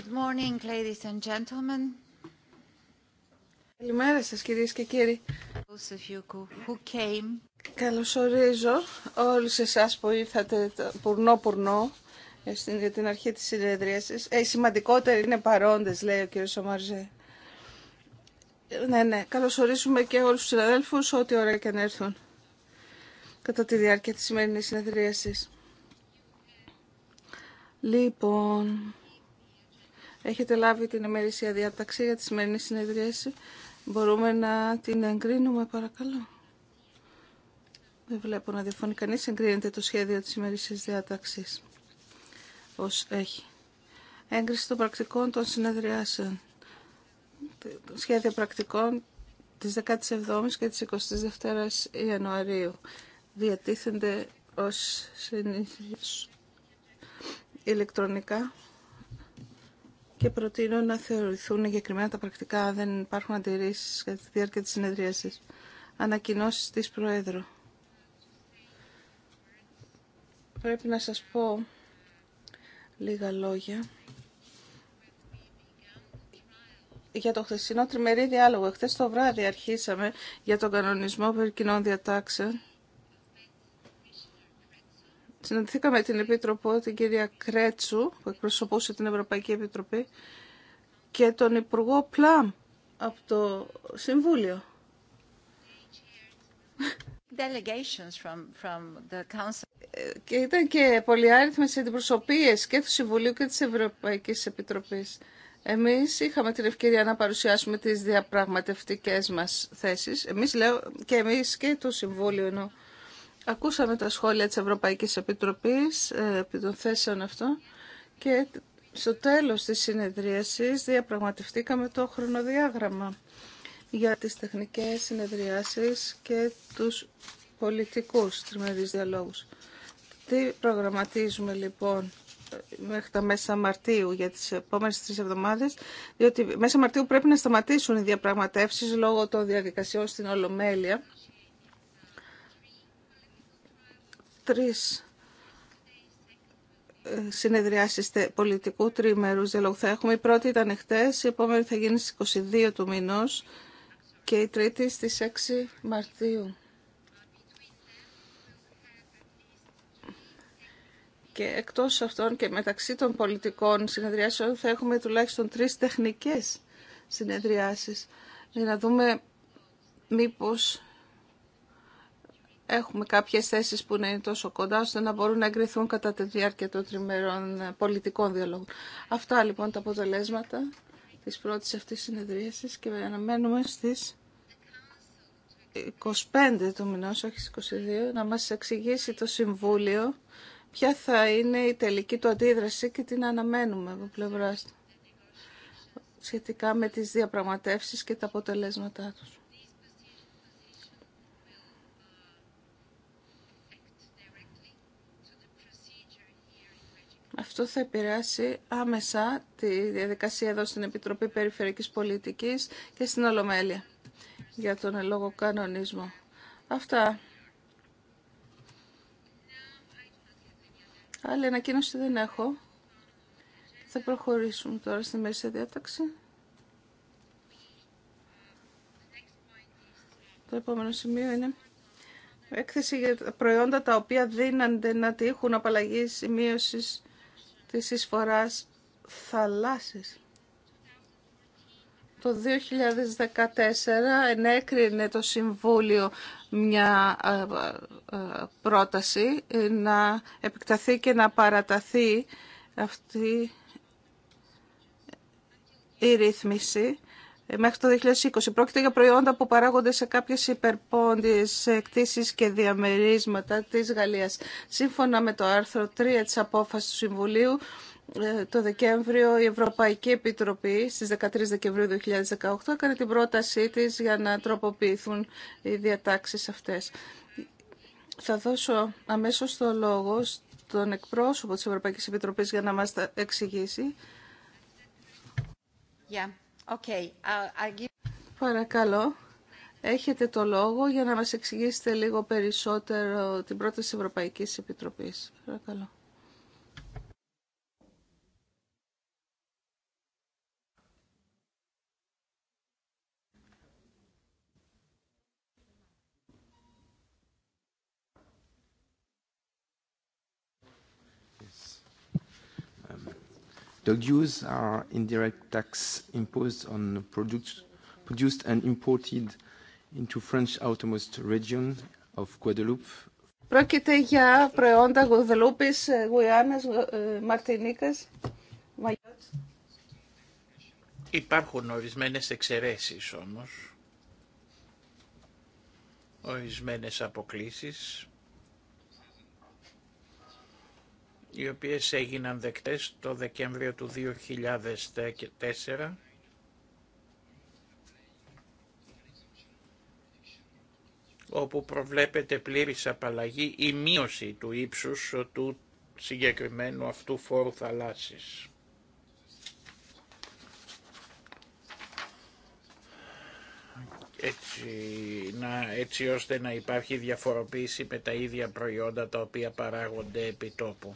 Good morning, ladies and gentlemen. Καλημέρα σας κυρίες και κύριοι. Who came. Καλωσορίζω όλους εσάς που ήρθατε πουρνό-πουρνό ε, για την αρχή της συνεδρίασης. Ε, σημαντικότεροι είναι παρόντες, λέει ο κύριος Σαμαρζέ. Ναι, ναι, καλωσορίζουμε και όλους τους συναδέλφους ό,τι ώρα και να έρθουν κατά τη διάρκεια της σημερινής συνεδρίασης. Λοιπόν, Έχετε λάβει την ημερήσια διάταξη για τη σημερινή συνεδρίαση. Μπορούμε να την εγκρίνουμε, παρακαλώ. Δεν βλέπω να διαφωνεί κανεί. Εγκρίνεται το σχέδιο τη ημερήσια διάταξη. Ω έχει. Έγκριση των πρακτικών των συνεδριάσεων. Σχέδια πρακτικών τη 17η και τη 22η Ιανουαρίου. Διατίθενται ω συνήθω ηλεκτρονικά και προτείνω να θεωρηθούν εγκεκριμένα τα πρακτικά. Δεν υπάρχουν αντιρρήσει κατά τη διάρκεια τη συνεδρίασης. Ανακοινώσει τη Προέδρου. Πρέπει να σας πω λίγα λόγια. Για το χθεσινό τριμερή διάλογο, χθες το βράδυ αρχίσαμε για τον κανονισμό περί κοινών διατάξεων Συναντηθήκαμε την Επίτροπο, την κυρία Κρέτσου, που εκπροσωπούσε την Ευρωπαϊκή Επιτροπή, και τον Υπουργό Πλάμ από το Συμβούλιο. Ήταν from, from the Council. Και ήταν και πολυάριθμες και του Συμβουλίου και της Ευρωπαϊκής Επιτροπής. Εμείς είχαμε την ευκαιρία να παρουσιάσουμε τις διαπραγματευτικές μας θέσεις. Εμείς λέω και εμείς και το Συμβούλιο εννοώ. Ακούσαμε τα σχόλια της Ευρωπαϊκής Επιτροπής ε, επί των θέσεων αυτών και στο τέλος της συνεδρίασης διαπραγματευτήκαμε το χρονοδιάγραμμα για τις τεχνικές συνεδριάσεις και τους πολιτικούς τριμερείς διαλόγους. Τι προγραμματίζουμε λοιπόν μέχρι τα μέσα Μαρτίου για τις επόμενες τρεις εβδομάδες, διότι μέσα Μαρτίου πρέπει να σταματήσουν οι διαπραγματεύσεις λόγω των διαδικασιών στην Ολομέλεια τρεις ε, συνεδριάσεις πολιτικού τρίμερους διαλόγου θα έχουμε. Η πρώτη ήταν χτες, η επόμενη θα γίνει στις 22 του μηνός και η τρίτη στις 6 Μαρτίου. Και εκτός αυτών και μεταξύ των πολιτικών συνεδριάσεων θα έχουμε τουλάχιστον τρεις τεχνικές συνεδριάσεις για να δούμε μήπως έχουμε κάποιες θέσεις που να είναι τόσο κοντά ώστε να μπορούν να εγκριθούν κατά τη διάρκεια των τριμερών ε, πολιτικών διαλόγων. Αυτά λοιπόν τα αποτελέσματα της πρώτης αυτής συνεδρίασης και αναμένουμε στις 25 του μηνός, όχι στις 22, να μας εξηγήσει το Συμβούλιο ποια θα είναι η τελική του αντίδραση και την αναμένουμε από πλευρά του σχετικά με τις διαπραγματεύσεις και τα αποτελέσματά τους. Αυτό θα επηρεάσει άμεσα τη διαδικασία εδώ στην Επιτροπή Περιφερειακής Πολιτικής και στην Ολομέλεια για τον λόγο κανονισμό. Αυτά. Άλλη ανακοίνωση δεν έχω. Θα προχωρήσουμε τώρα στη μέση διάταξη. Το επόμενο σημείο είναι έκθεση για προϊόντα τα οποία δίνανται να τύχουν απαλλαγή σημείωση της εισφοράς θαλάσσης. Το 2014 ενέκρινε το Συμβούλιο μια ε, ε, πρόταση να επεκταθεί και να παραταθεί αυτή η ρύθμιση ε, μέχρι το 2020. Πρόκειται για προϊόντα που παράγονται σε κάποιες υπερπόντιες εκτίσεις και διαμερίσματα της Γαλλίας. Σύμφωνα με το άρθρο 3 της απόφασης του Συμβουλίου, ε, το Δεκέμβριο η Ευρωπαϊκή Επιτροπή στις 13 Δεκεμβρίου 2018 έκανε την πρότασή της για να τροποποιηθούν οι διατάξεις αυτές. Θα δώσω αμέσως το λόγο στον εκπρόσωπο της Ευρωπαϊκής Επιτροπής για να μας τα εξηγήσει. Παρακαλώ, έχετε το λόγο για να μας εξηγήσετε λίγο περισσότερο την πρόταση Ευρωπαϊκής Επιτροπής. Παρακαλώ. are indirect tax imposed on produced and imported into French outermost region Πρόκειται για προϊόντα ε, ε, Μαρτινίκας, Υπάρχουν ορισμένες εξαιρέσεις όμως, ορισμένες αποκλήσεις οι οποίες έγιναν δεκτές το Δεκέμβριο του 2004 όπου προβλέπεται πλήρης απαλλαγή ή μείωση του ύψους του συγκεκριμένου αυτού φόρου θαλάσσης. Έτσι, να, έτσι ώστε να υπάρχει διαφοροποίηση με τα ίδια προϊόντα τα οποία παράγονται επί τόπου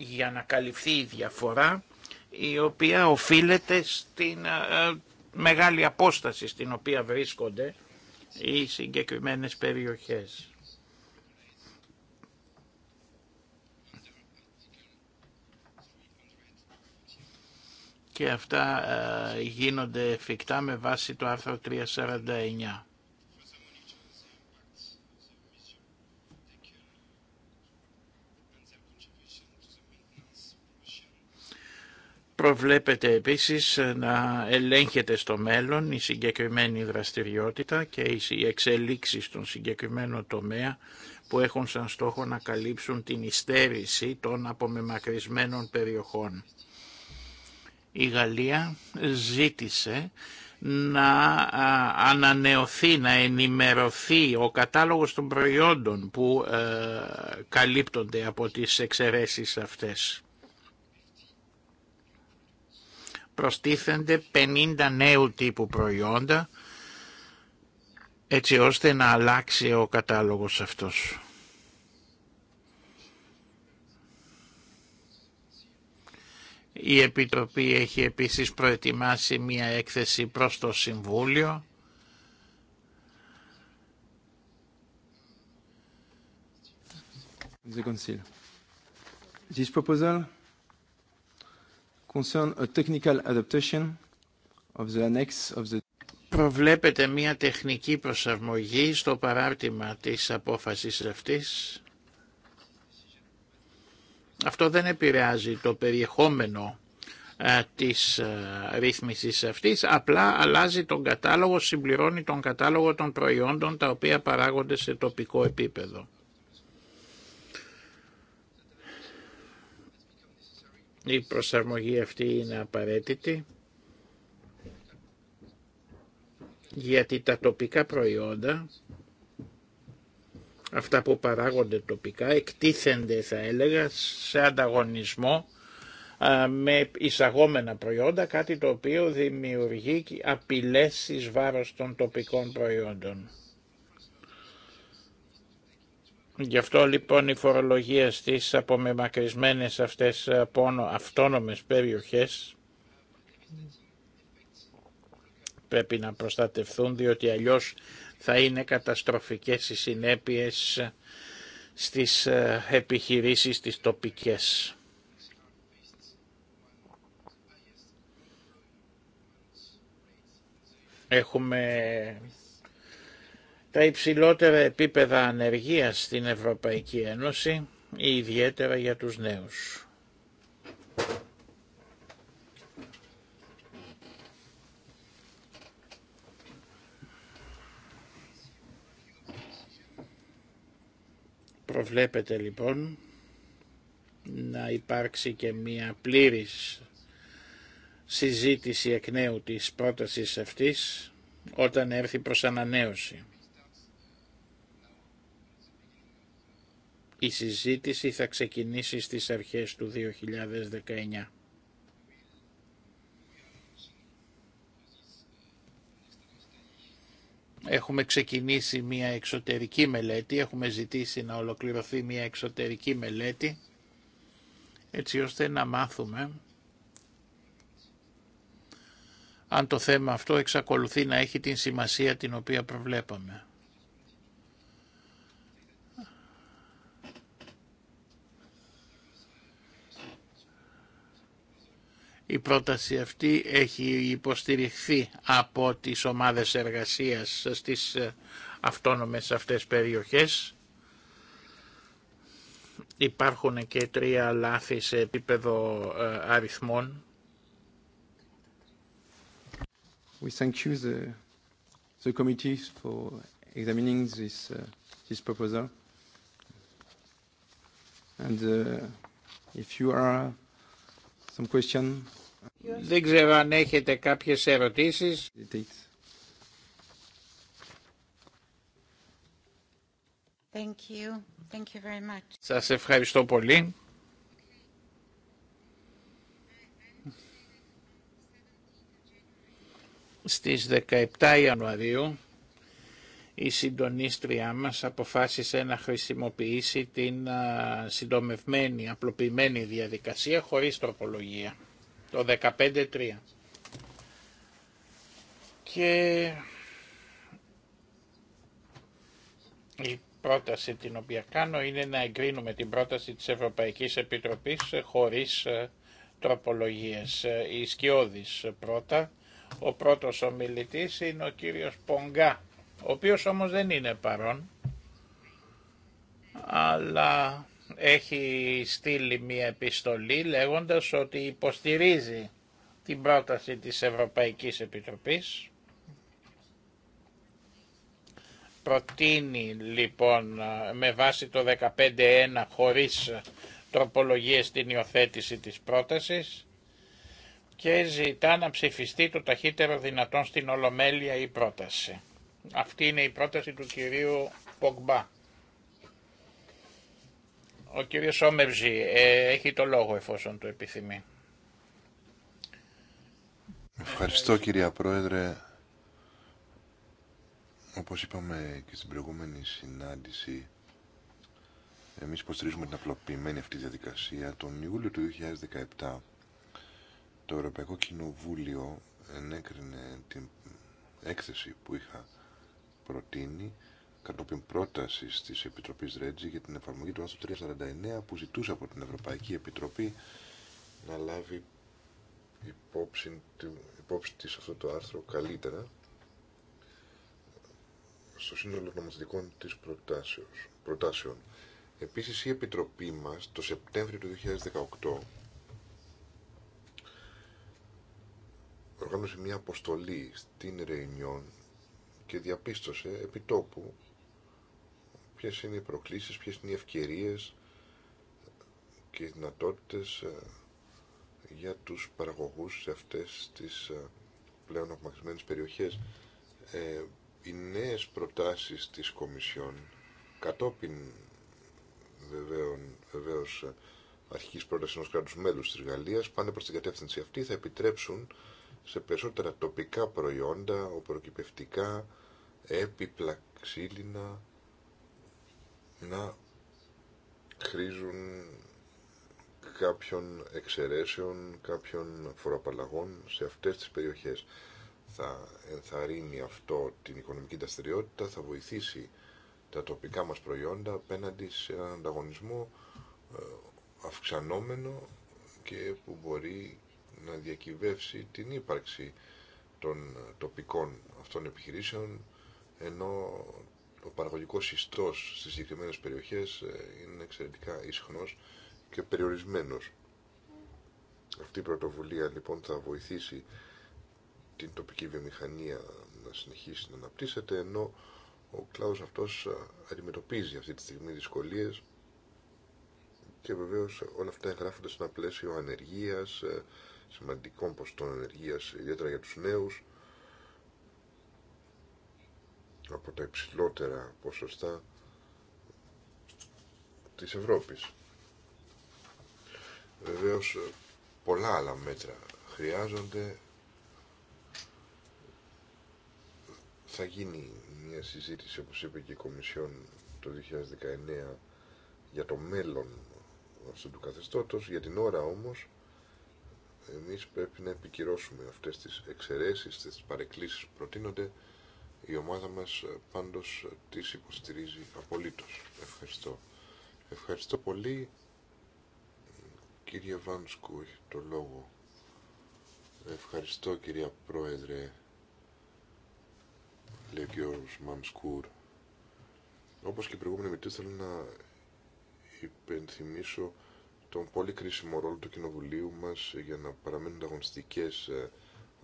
για να καλυφθεί η διαφορά η οποία οφείλεται στην ε, ε, μεγάλη απόσταση στην οποία βρίσκονται οι συγκεκριμένες περιοχές. Και αυτά ε, γίνονται εφικτά με βάση το άρθρο 349. Προβλέπεται επίσης να ελέγχεται στο μέλλον η συγκεκριμένη δραστηριότητα και οι εξελίξεις στον συγκεκριμένο τομέα που έχουν σαν στόχο να καλύψουν την υστέρηση των απομεμακρυσμένων περιοχών. Η Γαλλία ζήτησε να ανανεωθεί, να ενημερωθεί ο κατάλογος των προϊόντων που ε, καλύπτονται από τις εξαιρέσεις αυτές. προστίθενται 50 νέου τύπου προϊόντα έτσι ώστε να αλλάξει ο κατάλογος αυτός. Η Επιτροπή έχει επίσης προετοιμάσει μία έκθεση προς το Συμβούλιο The This proposal concern Προβλέπεται μια τεχνική προσαρμογή στο παράρτημα της απόφασης αυτής. Αυτό δεν επηρεάζει το περιεχόμενο ε, της ε, ρύθμισης αυτής, απλά αλλάζει τον κατάλογο, συμπληρώνει τον κατάλογο των προϊόντων τα οποία παράγονται σε τοπικό επίπεδο. Η προσαρμογή αυτή είναι απαραίτητη γιατί τα τοπικά προϊόντα, αυτά που παράγονται τοπικά, εκτίθενται θα έλεγα σε ανταγωνισμό με εισαγόμενα προϊόντα, κάτι το οποίο δημιουργεί απειλές εις βάρος των τοπικών προϊόντων. Γι' αυτό λοιπόν η φορολογία στις απομεμακρυσμένες αυτές ε, πόνο, αυτόνομες περιοχές πρέπει να προστατευθούν διότι αλλιώς θα είναι καταστροφικές οι συνέπειες στις ε, επιχειρήσεις τις τοπικές. Έχουμε τα υψηλότερα επίπεδα ανεργίας στην Ευρωπαϊκή Ένωση, ιδιαίτερα για τους νέους. Προβλέπετε λοιπόν να υπάρξει και μία πλήρης συζήτηση εκ νέου της πρότασης αυτής όταν έρθει προς ανανέωση. Η συζήτηση θα ξεκινήσει στις αρχές του 2019. Έχουμε ξεκινήσει μια εξωτερική μελέτη, έχουμε ζητήσει να ολοκληρωθεί μια εξωτερική μελέτη, έτσι ώστε να μάθουμε αν το θέμα αυτό εξακολουθεί να έχει την σημασία την οποία προβλέπαμε. Η πρόταση αυτή έχει υποστηριχθεί από τις ομάδες εργασίας στις αυτόνομες αυτές περιοχές. Υπάρχουν και τρία λάθη σε επίπεδο ε, αριθμών. We thank you the, the committee for examining this, uh, this proposal. And uh, if you are δεν ξέρω αν έχετε κάποιες ερωτήσεις. Thank Σας ευχαριστώ πολύ. Στις 17 Ιανουαρίου η συντονίστρια μας αποφάσισε να χρησιμοποιήσει την συντομευμένη, απλοποιημένη διαδικασία χωρίς τροπολογία, το 15-3. Και η πρόταση την οποία κάνω είναι να εγκρίνουμε την πρόταση της Ευρωπαϊκής Επιτροπής χωρίς τροπολογίες. Η Σκιώδης πρώτα, ο πρώτος ομιλητής είναι ο κύριος Πονγκά ο οποίος όμως δεν είναι παρόν, αλλά έχει στείλει μία επιστολή λέγοντας ότι υποστηρίζει την πρόταση της Ευρωπαϊκής Επιτροπής. Προτείνει λοιπόν με βάση το 15.1 χωρίς τροπολογίες την υιοθέτηση της πρότασης και ζητά να ψηφιστεί το ταχύτερο δυνατόν στην Ολομέλεια η πρόταση. Αυτή είναι η πρόταση του κυρίου Πογμπά. Ο κύριος ε, έχει το λόγο εφόσον το επιθυμεί. Ευχαριστώ κυρία Πρόεδρε. Όπως είπαμε και στην προηγούμενη συνάντηση, εμείς υποστηρίζουμε την απλοποιημένη αυτή διαδικασία. Τον Ιούλιο του 2017 το Ευρωπαϊκό Κοινοβούλιο ενέκρινε την έκθεση που είχα προτείνει κατόπιν πρόταση τη Επιτροπή Ρέτζη για την εφαρμογή του άρθρου 349 που ζητούσε από την Ευρωπαϊκή Επιτροπή να λάβει υπόψη, υπόψη της αυτό το άρθρο καλύτερα στο σύνολο νομοθετικών της προτάσεων. Επίσης η Επιτροπή μας το Σεπτέμβριο του 2018 οργάνωσε μια αποστολή στην Ρεϊνιόν και διαπίστωσε επί τόπου ποιες είναι οι προκλήσεις, ποιες είναι οι ευκαιρίες και οι δυνατότητες ε, για τους παραγωγούς σε αυτές τις ε, πλέον απομακρυσμένες περιοχές. Ε, οι νέες προτάσεις της Κομισιόν κατόπιν βεβαίων, βεβαίως ε, αρχικής πρότασης ενός κράτους μέλους της Γαλλίας πάνε προς την κατεύθυνση αυτή θα επιτρέψουν σε περισσότερα τοπικά προϊόντα, οπροκυπευτικά, έπιπλα ξύλινα να χρήζουν κάποιων εξαιρέσεων, κάποιων φοροαπαλλαγών σε αυτές τις περιοχές. Θα ενθαρρύνει αυτό την οικονομική δραστηριότητα, θα βοηθήσει τα τοπικά μας προϊόντα απέναντι σε έναν ανταγωνισμό ε, αυξανόμενο και που μπορεί να διακυβεύσει την ύπαρξη των τοπικών αυτών επιχειρήσεων ενώ ο παραγωγικό ιστός στις συγκεκριμένες περιοχές ε, είναι εξαιρετικά ισχνός και περιορισμένος. Αυτή η πρωτοβουλία λοιπόν θα βοηθήσει την τοπική βιομηχανία να συνεχίσει να αναπτύσσεται ενώ ο κλάδος αυτός ε, αντιμετωπίζει αυτή τη στιγμή δυσκολίες και βεβαίως όλα αυτά εγγράφονται σε ένα πλαίσιο ανεργίας, ε, σημαντικών ποστών ανεργίας, ιδιαίτερα για τους νέους από τα υψηλότερα ποσοστά της Ευρώπης. Βεβαίως πολλά άλλα μέτρα χρειάζονται. Θα γίνει μια συζήτηση, όπως είπε και η Κομισιόν το 2019, για το μέλλον αυτού του καθεστώτος. Για την ώρα όμως, εμείς πρέπει να επικυρώσουμε αυτές τις εξαιρέσεις, τις παρεκκλήσεις που προτείνονται η ομάδα μας ε, πάντως ε, τις υποστηρίζει απολύτως. Ευχαριστώ. Ευχαριστώ πολύ. Κύριε Βάνσκου, έχει το λόγο. Ευχαριστώ κυρία Πρόεδρε, λέει ο Μανσκούρ. Όπως και η προηγούμενη μητή θέλω να υπενθυμίσω τον πολύ κρίσιμο ρόλο του Κοινοβουλίου μας για να παραμένουν αγωνιστικές ε,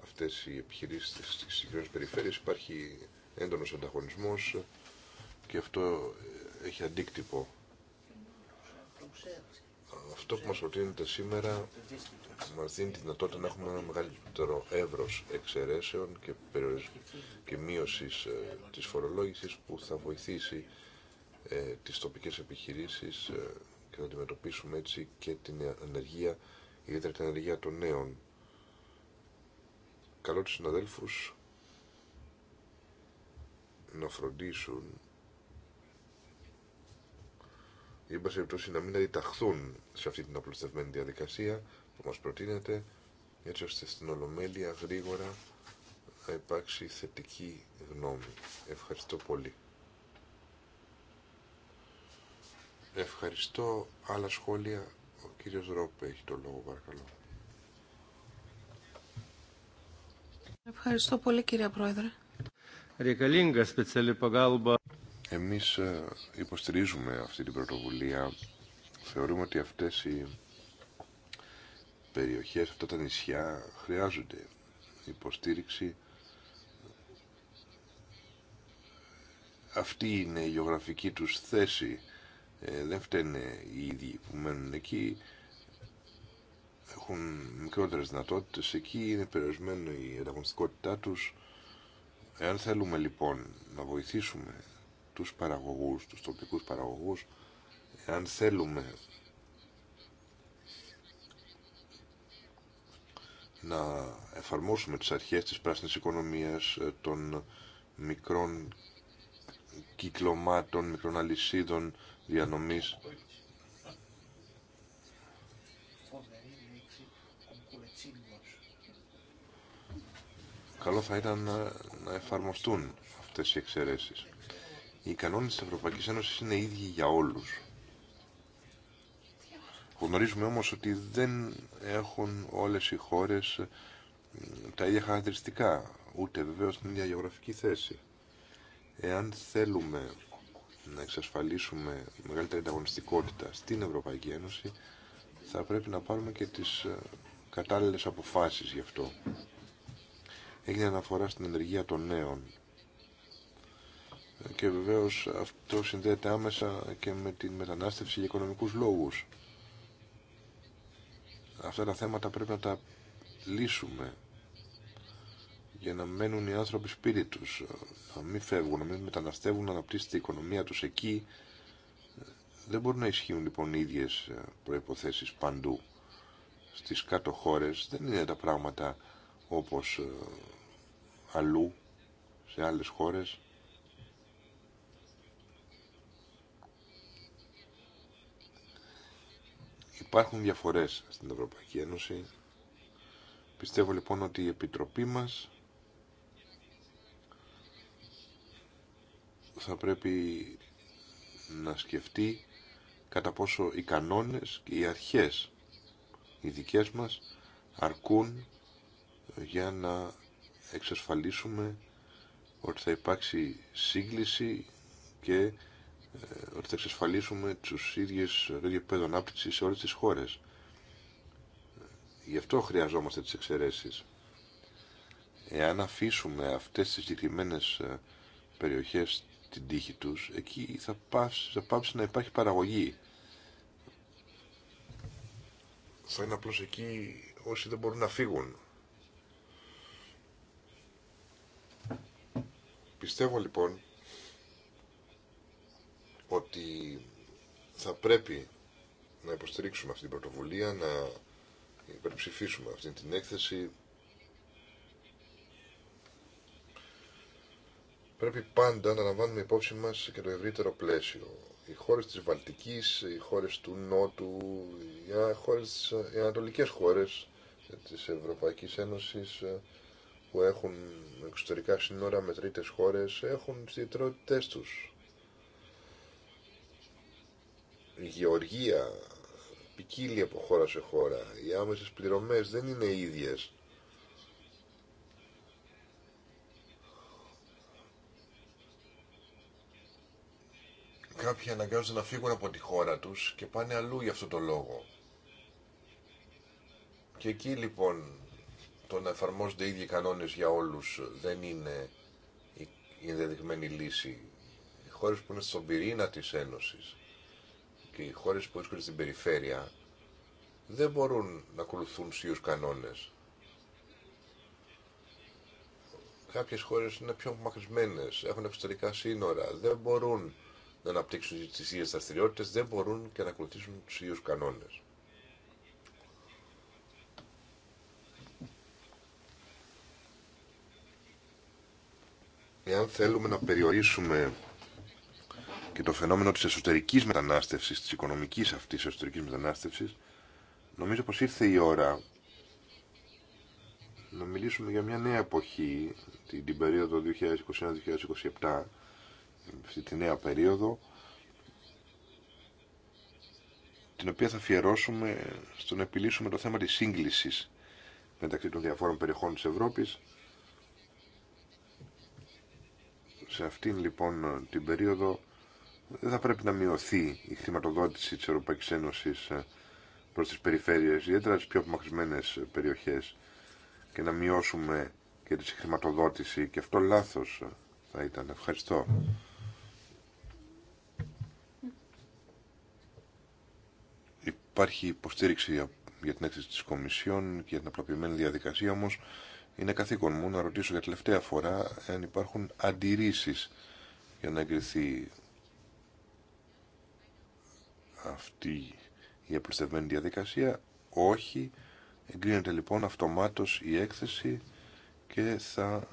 αυτές οι επιχειρήσεις στις συγκεκριμένες περιφέρειες. Υπάρχει έντονος ανταγωνισμός και αυτό ε, έχει αντίκτυπο. Αυτό που μας προτείνεται σήμερα μας δίνει τη δυνατότητα να έχουμε ένα μεγαλύτερο εύρος εξαιρέσεων και, και μείωσης ε, της φορολόγησης που θα βοηθήσει ε, τις τοπικές επιχειρήσεις ε, και να αντιμετωπίσουμε έτσι και την ανεργία, ιδιαίτερα την ανεργία των νέων. Καλό τους συναδέλφους να φροντίσουν ή μπας περιπτώσει να μην αντιταχθούν σε αυτή την απλουστευμένη διαδικασία που μας προτείνεται έτσι ώστε στην Ολομέλεια γρήγορα να υπάρξει θετική γνώμη. Ευχαριστώ πολύ. Ευχαριστώ. Άλλα σχόλια. Ο κύριος Ρόπε έχει το λόγο παρακαλώ. Ευχαριστώ πολύ κύριε Πρόεδρε. Εμείς ε, υποστηρίζουμε αυτή την πρωτοβουλία. Θεωρούμε ότι αυτές οι περιοχές, αυτά τα νησιά χρειάζονται υποστήριξη. Αυτή είναι η γεωγραφική τους θέση. Ε, δεν φταίνε οι ίδιοι που μένουν εκεί. Έχουν μικρότερες δυνατότητες. Εκεί είναι περιορισμένη η ανταγωνιστικότητά τους Εάν θέλουμε λοιπόν να βοηθήσουμε τους παραγωγούς, τους τοπικούς παραγωγούς, εάν θέλουμε να εφαρμόσουμε τις αρχές της πράσινης οικονομίας, ε, των μικρών κυκλωμάτων, μικρών αλυσίδων διανομής, καλό θα ήταν ε, να εφαρμοστούν αυτές οι εξαιρέσεις. Οι κανόνες της Ευρωπαϊκής Ένωσης είναι ίδιοι για όλους. Γνωρίζουμε όμως ότι δεν έχουν όλες οι χώρες τα ίδια χαρακτηριστικά, ούτε βεβαίω την ίδια γεωγραφική θέση. Εάν θέλουμε να εξασφαλίσουμε μεγαλύτερη ανταγωνιστικότητα στην Ευρωπαϊκή Ένωση, θα πρέπει να πάρουμε και τις ε, κατάλληλες αποφάσεις γι' αυτό έγινε αναφορά στην ενεργεία των νέων. Και βεβαίως αυτό συνδέεται άμεσα και με την μετανάστευση για οικονομικούς λόγους. Αυτά τα θέματα πρέπει να τα λύσουμε για να μένουν οι άνθρωποι σπίτι τους, να μην φεύγουν, να μην μεταναστεύουν, να αναπτύσσουν η οικονομία τους εκεί. Δεν μπορούν να ισχύουν λοιπόν οι ίδιες προϋποθέσεις παντού. Στις κάτω χώρες δεν είναι τα πράγματα όπως ε, αλλού, σε άλλες χώρες. Υπάρχουν διαφορές στην Ευρωπαϊκή Ένωση. Πιστεύω λοιπόν ότι η Επιτροπή μας θα πρέπει να σκεφτεί κατά πόσο οι κανόνες και οι αρχές οι δικές μας αρκούν για να εξασφαλίσουμε ότι θα υπάρξει σύγκληση και ε, ότι θα εξασφαλίσουμε τους ίδιες επίπεδο ανάπτυξη σε όλες τις χώρες. Γι' αυτό χρειαζόμαστε τις εξαιρέσεις. Εάν αφήσουμε αυτές τις συγκεκριμένε ε, περιοχές την τύχη τους, εκεί θα, πάψει, θα πάψει να υπάρχει παραγωγή. Θα είναι απλώς εκεί όσοι δεν μπορούν να φύγουν. Πιστεύω λοιπόν ότι θα πρέπει να υποστηρίξουμε αυτή την πρωτοβουλία, να υπερψηφίσουμε αυτή την έκθεση. Πρέπει πάντα να λαμβάνουμε υπόψη μας και το ευρύτερο πλαίσιο. Οι χώρες της Βαλτικής, οι χώρες του Νότου, οι, χώρες, οι ανατολικές χώρες της Ευρωπαϊκής Ένωσης που έχουν εξωτερικά σύνορα με τρίτες χώρες έχουν τις ιδιαιτερότητές τους. Η γεωργία ποικίλει από χώρα σε χώρα. Οι άμεσες πληρωμές δεν είναι ίδιες. Κάποιοι αναγκάζονται να φύγουν από τη χώρα τους και πάνε αλλού για αυτό το λόγο. Και εκεί λοιπόν το να εφαρμόζονται οι ίδιοι κανόνες για όλους δεν είναι η ενδεδειγμένη λύση. Οι χώρες που είναι στον πυρήνα της Ένωσης και οι χώρες που βρίσκονται στην περιφέρεια δεν μπορούν να ακολουθούν σίους κανόνες. Κάποιες χώρες είναι πιο απομακρυσμένες, έχουν εξωτερικά σύνορα, δεν μπορούν να αναπτύξουν τις ίδιες δραστηριότητε, δεν μπορούν και να ακολουθήσουν τους ίδιους κανόνες. εάν θέλουμε να περιορίσουμε και το φαινόμενο της εσωτερικής μετανάστευσης, της οικονομικής αυτής εσωτερικής μετανάστευσης, νομίζω πως ήρθε η ώρα να μιλήσουμε για μια νέα εποχή, την, την περίοδο 2021-2027, αυτή τη νέα περίοδο, την οποία θα αφιερώσουμε στο να επιλύσουμε το θέμα της σύγκλησης μεταξύ των διαφόρων περιοχών της Ευρώπης Σε αυτήν λοιπόν την περίοδο δεν θα πρέπει να μειωθεί η χρηματοδότηση της Ευρωπαϊκής Ένωσης ε, προς τις περιφέρειες, ιδιαίτερα τις πιο απομακρυσμένες περιοχές και να μειώσουμε και τη χρηματοδότηση και αυτό λάθος ε, θα ήταν. Ευχαριστώ. Υπάρχει υποστήριξη για την έκθεση της Κομισιόν και για την απλοποιημένη διαδικασία όμως είναι καθήκον μου να ρωτήσω για τελευταία φορά αν υπάρχουν αντιρρήσεις για να εγκριθεί αυτή η απλουστευμένη διαδικασία. Όχι. Εγκρίνεται λοιπόν αυτομάτως η έκθεση και θα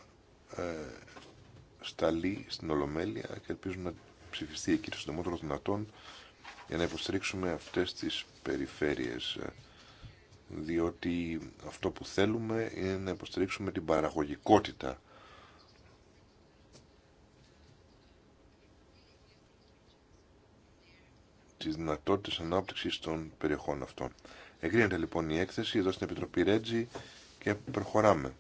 ε, σταλεί στην Ολομέλεια και ελπίζουμε να ψηφιστεί εκεί το συντομότερο δυνατόν για να υποστηρίξουμε αυτές τις περιφέρειες διότι αυτό που θέλουμε είναι να υποστηρίξουμε την παραγωγικότητα τις δυνατότητες ανάπτυξης των περιοχών αυτών. Εγκρίνεται λοιπόν η έκθεση εδώ στην Επιτροπή Ρέτζη και προχωράμε.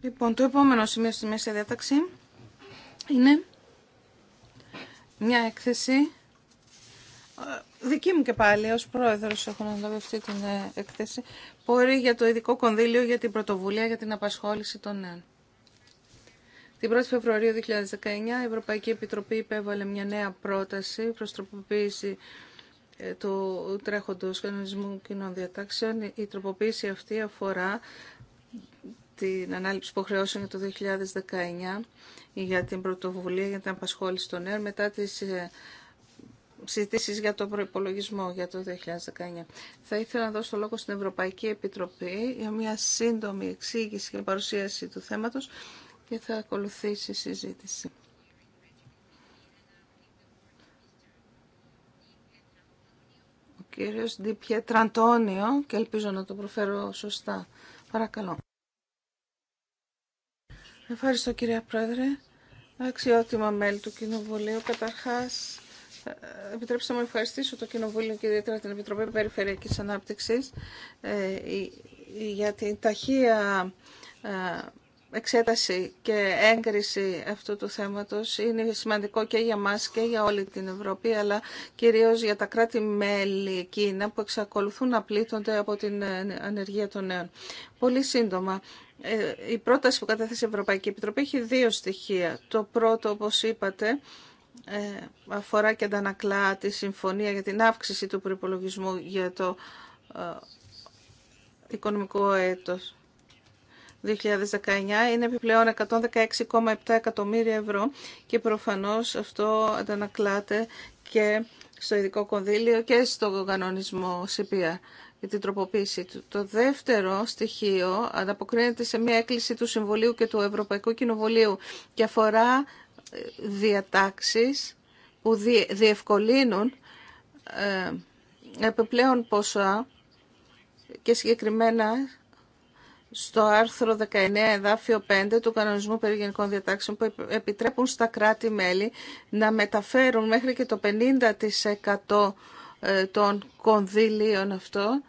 Λοιπόν, το επόμενο σημείο στη μέση διάταξη είναι μια έκθεση δική μου και πάλι ως πρόεδρος έχω αυτή την ε, έκθεση, μπορεί για το ειδικό κονδύλιο για την πρωτοβουλία για την απασχόληση των νέων. Την 1η Φεβρουαρίου 2019 η Ευρωπαϊκή Επιτροπή υπέβαλε μια νέα πρόταση προς τροποποίηση ε, του τρέχοντος κανονισμού κοινών διατάξεων. Η τροποποίηση αυτή αφορά την ανάληψη υποχρεώσεων για το 2019 για την πρωτοβουλία για την απασχόληση των νέων μετά τις ε, συζητήσεις για τον προϋπολογισμό για το 2019. Θα ήθελα να δώσω λόγο στην Ευρωπαϊκή Επιτροπή για μια σύντομη εξήγηση και παρουσίαση του θέματος και θα ακολουθήσει η συζήτηση. Ο κύριος Ντιπιέ Τραντόνιο και ελπίζω να το προφέρω σωστά. Παρακαλώ. Ευχαριστώ κυρία Πρόεδρε. Αξιότιμα μέλη του Κοινοβουλίου. Καταρχάς, ε, επιτρέψτε μου να ευχαριστήσω το Κοινοβούλιο και ιδιαίτερα την Επιτροπή Περιφερειακής Ανάπτυξης ε, για την ταχεία ε, εξέταση και έγκριση αυτού του θέματος είναι σημαντικό και για μας και για όλη την Ευρώπη αλλά κυρίως για τα κράτη-μέλη εκείνα που εξακολουθούν να πλήττονται από την ανεργία των νέων. Πολύ σύντομα, η πρόταση που κατέθεσε η Ευρωπαϊκή Επιτροπή έχει δύο στοιχεία. Το πρώτο, όπως είπατε, ε, αφορά και αντανακλά τη συμφωνία για την αύξηση του προϋπολογισμού για το ε, οικονομικό έτος 2019 είναι επιπλέον 116,7 εκατομμύρια ευρώ και προφανώς αυτό αντανακλάται και στο ειδικό κονδύλιο και στο κανονισμό ΣΥΠΙΑ για την τροποποίησή του. Το δεύτερο στοιχείο ανταποκρίνεται σε μια έκκληση του Συμβουλίου και του Ευρωπαϊκού Κοινοβουλίου και αφορά διατάξεις που διευκολύνουν ε, επιπλέον ποσά και συγκεκριμένα στο άρθρο 19 εδάφιο 5 του κανονισμού περί γενικών διατάξεων που επιτρέπουν στα κράτη-μέλη να μεταφέρουν μέχρι και το 50% ε, των κονδύλιων αυτών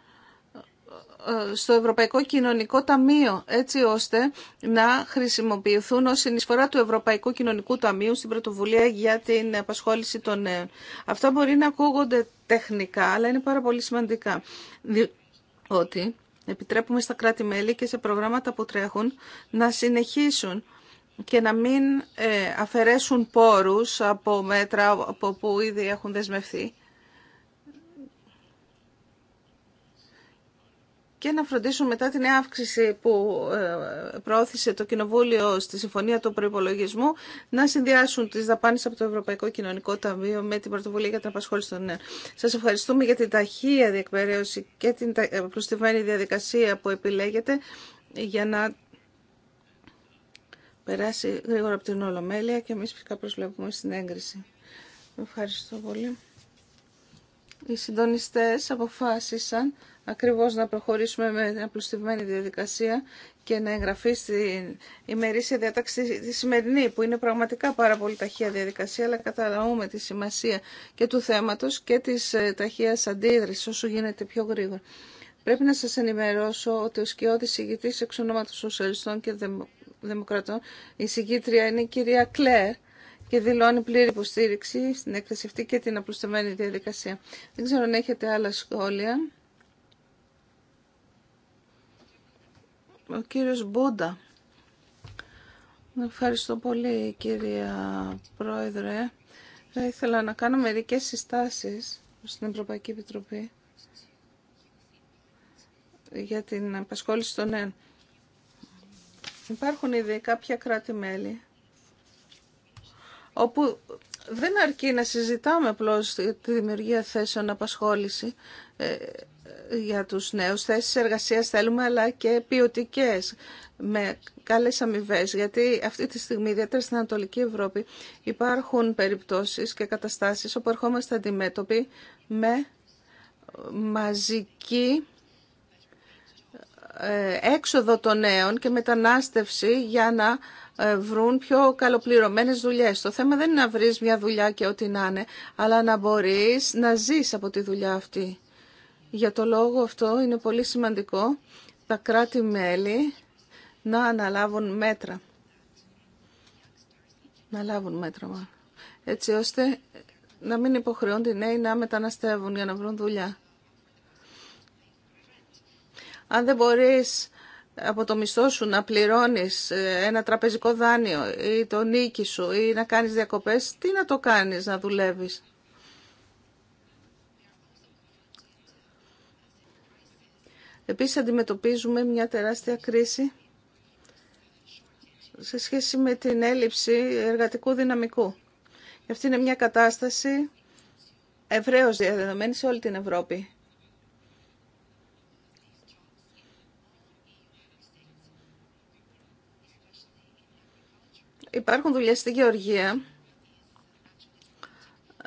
ε, στο Ευρωπαϊκό Κοινωνικό Ταμείο, έτσι ώστε να χρησιμοποιηθούν ως συνεισφορά του Ευρωπαϊκού Κοινωνικού Ταμείου στην πρωτοβουλία για την απασχόληση των νέων. Αυτά μπορεί να ακούγονται τεχνικά, αλλά είναι πάρα πολύ σημαντικά. Ότι επιτρέπουμε στα κράτη-μέλη και σε προγράμματα που τρέχουν να συνεχίσουν και να μην ε, αφαιρέσουν πόρους από μέτρα από που ήδη έχουν δεσμευθεί και να φροντίσουν μετά την αύξηση που ε, προώθησε το Κοινοβούλιο στη Συμφωνία του Προπολογισμού να συνδυάσουν τι δαπάνε από το Ευρωπαϊκό Κοινωνικό Ταμείο με την Πρωτοβουλία για την Απασχόληση των Νέων. Σα ευχαριστούμε για την ταχεία διεκπαιρέωση και την ε, προστιμένη διαδικασία που επιλέγετε για να περάσει γρήγορα από την Ολομέλεια και εμεί φυσικά προσβλέπουμε στην έγκριση. Ευχαριστώ πολύ οι συντονιστές αποφάσισαν ακριβώς να προχωρήσουμε με απλουστευμένη διαδικασία και να εγγραφεί στην ημερήσια διάταξη τη σημερινή, που είναι πραγματικά πάρα πολύ ταχεία διαδικασία, αλλά καταλαβαίνουμε τη σημασία και του θέματος και της ε, ταχείας αντίδρασης όσο γίνεται πιο γρήγορα. Πρέπει να σας ενημερώσω ότι ο σκιώδης ηγητής εξ ονόματος σοσιαλιστών και δημοκρατών, η συγκήτρια είναι η κυρία Κλέρ, και δηλώνει πλήρη υποστήριξη στην έκθεση αυτή και την απλουστευμένη διαδικασία. Δεν ξέρω αν έχετε άλλα σχόλια. Ο κύριος Μπούντα. Ευχαριστώ πολύ κυρία Πρόεδρε. Θα ήθελα να κάνω μερικές συστάσεις στην Ευρωπαϊκή Επιτροπή για την απασχόληση των νεων Υπάρχουν ήδη κάποια κράτη-μέλη όπου δεν αρκεί να συζητάμε απλώ τη δημιουργία θέσεων απασχόληση ε, για τους νέους. Θέσεις εργασίας θέλουμε, αλλά και ποιοτικέ με καλές αμοιβέ, γιατί αυτή τη στιγμή, ιδιαίτερα στην Ανατολική Ευρώπη, υπάρχουν περιπτώσεις και καταστάσεις όπου ερχόμαστε αντιμέτωποι με μαζική ε, έξοδο των νέων και μετανάστευση για να ε, βρουν πιο καλοπληρωμένες δουλειές. Το θέμα δεν είναι να βρεις μια δουλειά και ό,τι να είναι, αλλά να μπορείς να ζεις από τη δουλειά αυτή. Για το λόγο αυτό είναι πολύ σημαντικό τα κράτη-μέλη να αναλάβουν μέτρα. Να λάβουν μέτρα, Έτσι ώστε να μην υποχρεώνται οι νέοι να μεταναστεύουν για να βρουν δουλειά. Αν δεν μπορείς από το μισθό σου να πληρώνεις ε, ένα τραπεζικό δάνειο ή το νίκη σου ή να κάνεις διακοπές, τι να το κάνεις να δουλεύεις. Επίσης αντιμετωπίζουμε μια τεράστια κρίση σε σχέση με την έλλειψη εργατικού δυναμικού. Αυτή είναι μια κατάσταση ευρέως διαδεδομένη σε όλη την Ευρώπη. Υπάρχουν δουλειές στη Γεωργία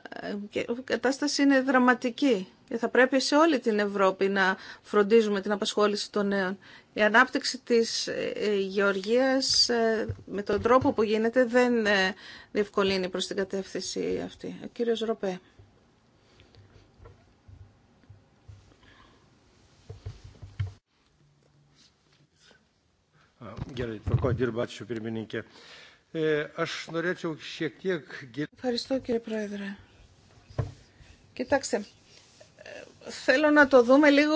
ε, και η κατάσταση είναι δραματική και θα πρέπει σε όλη την Ευρώπη να φροντίζουμε την απασχόληση των νέων. Η ανάπτυξη της ε, γεωργίας ε, με τον τρόπο που γίνεται δεν διευκολύνει προς την κατεύθυνση αυτή. Ο κύριος Ροπέ. Ευχαριστώ κύριε Πρόεδρε. Κοιτάξτε, ε, θέλω να το δούμε λίγο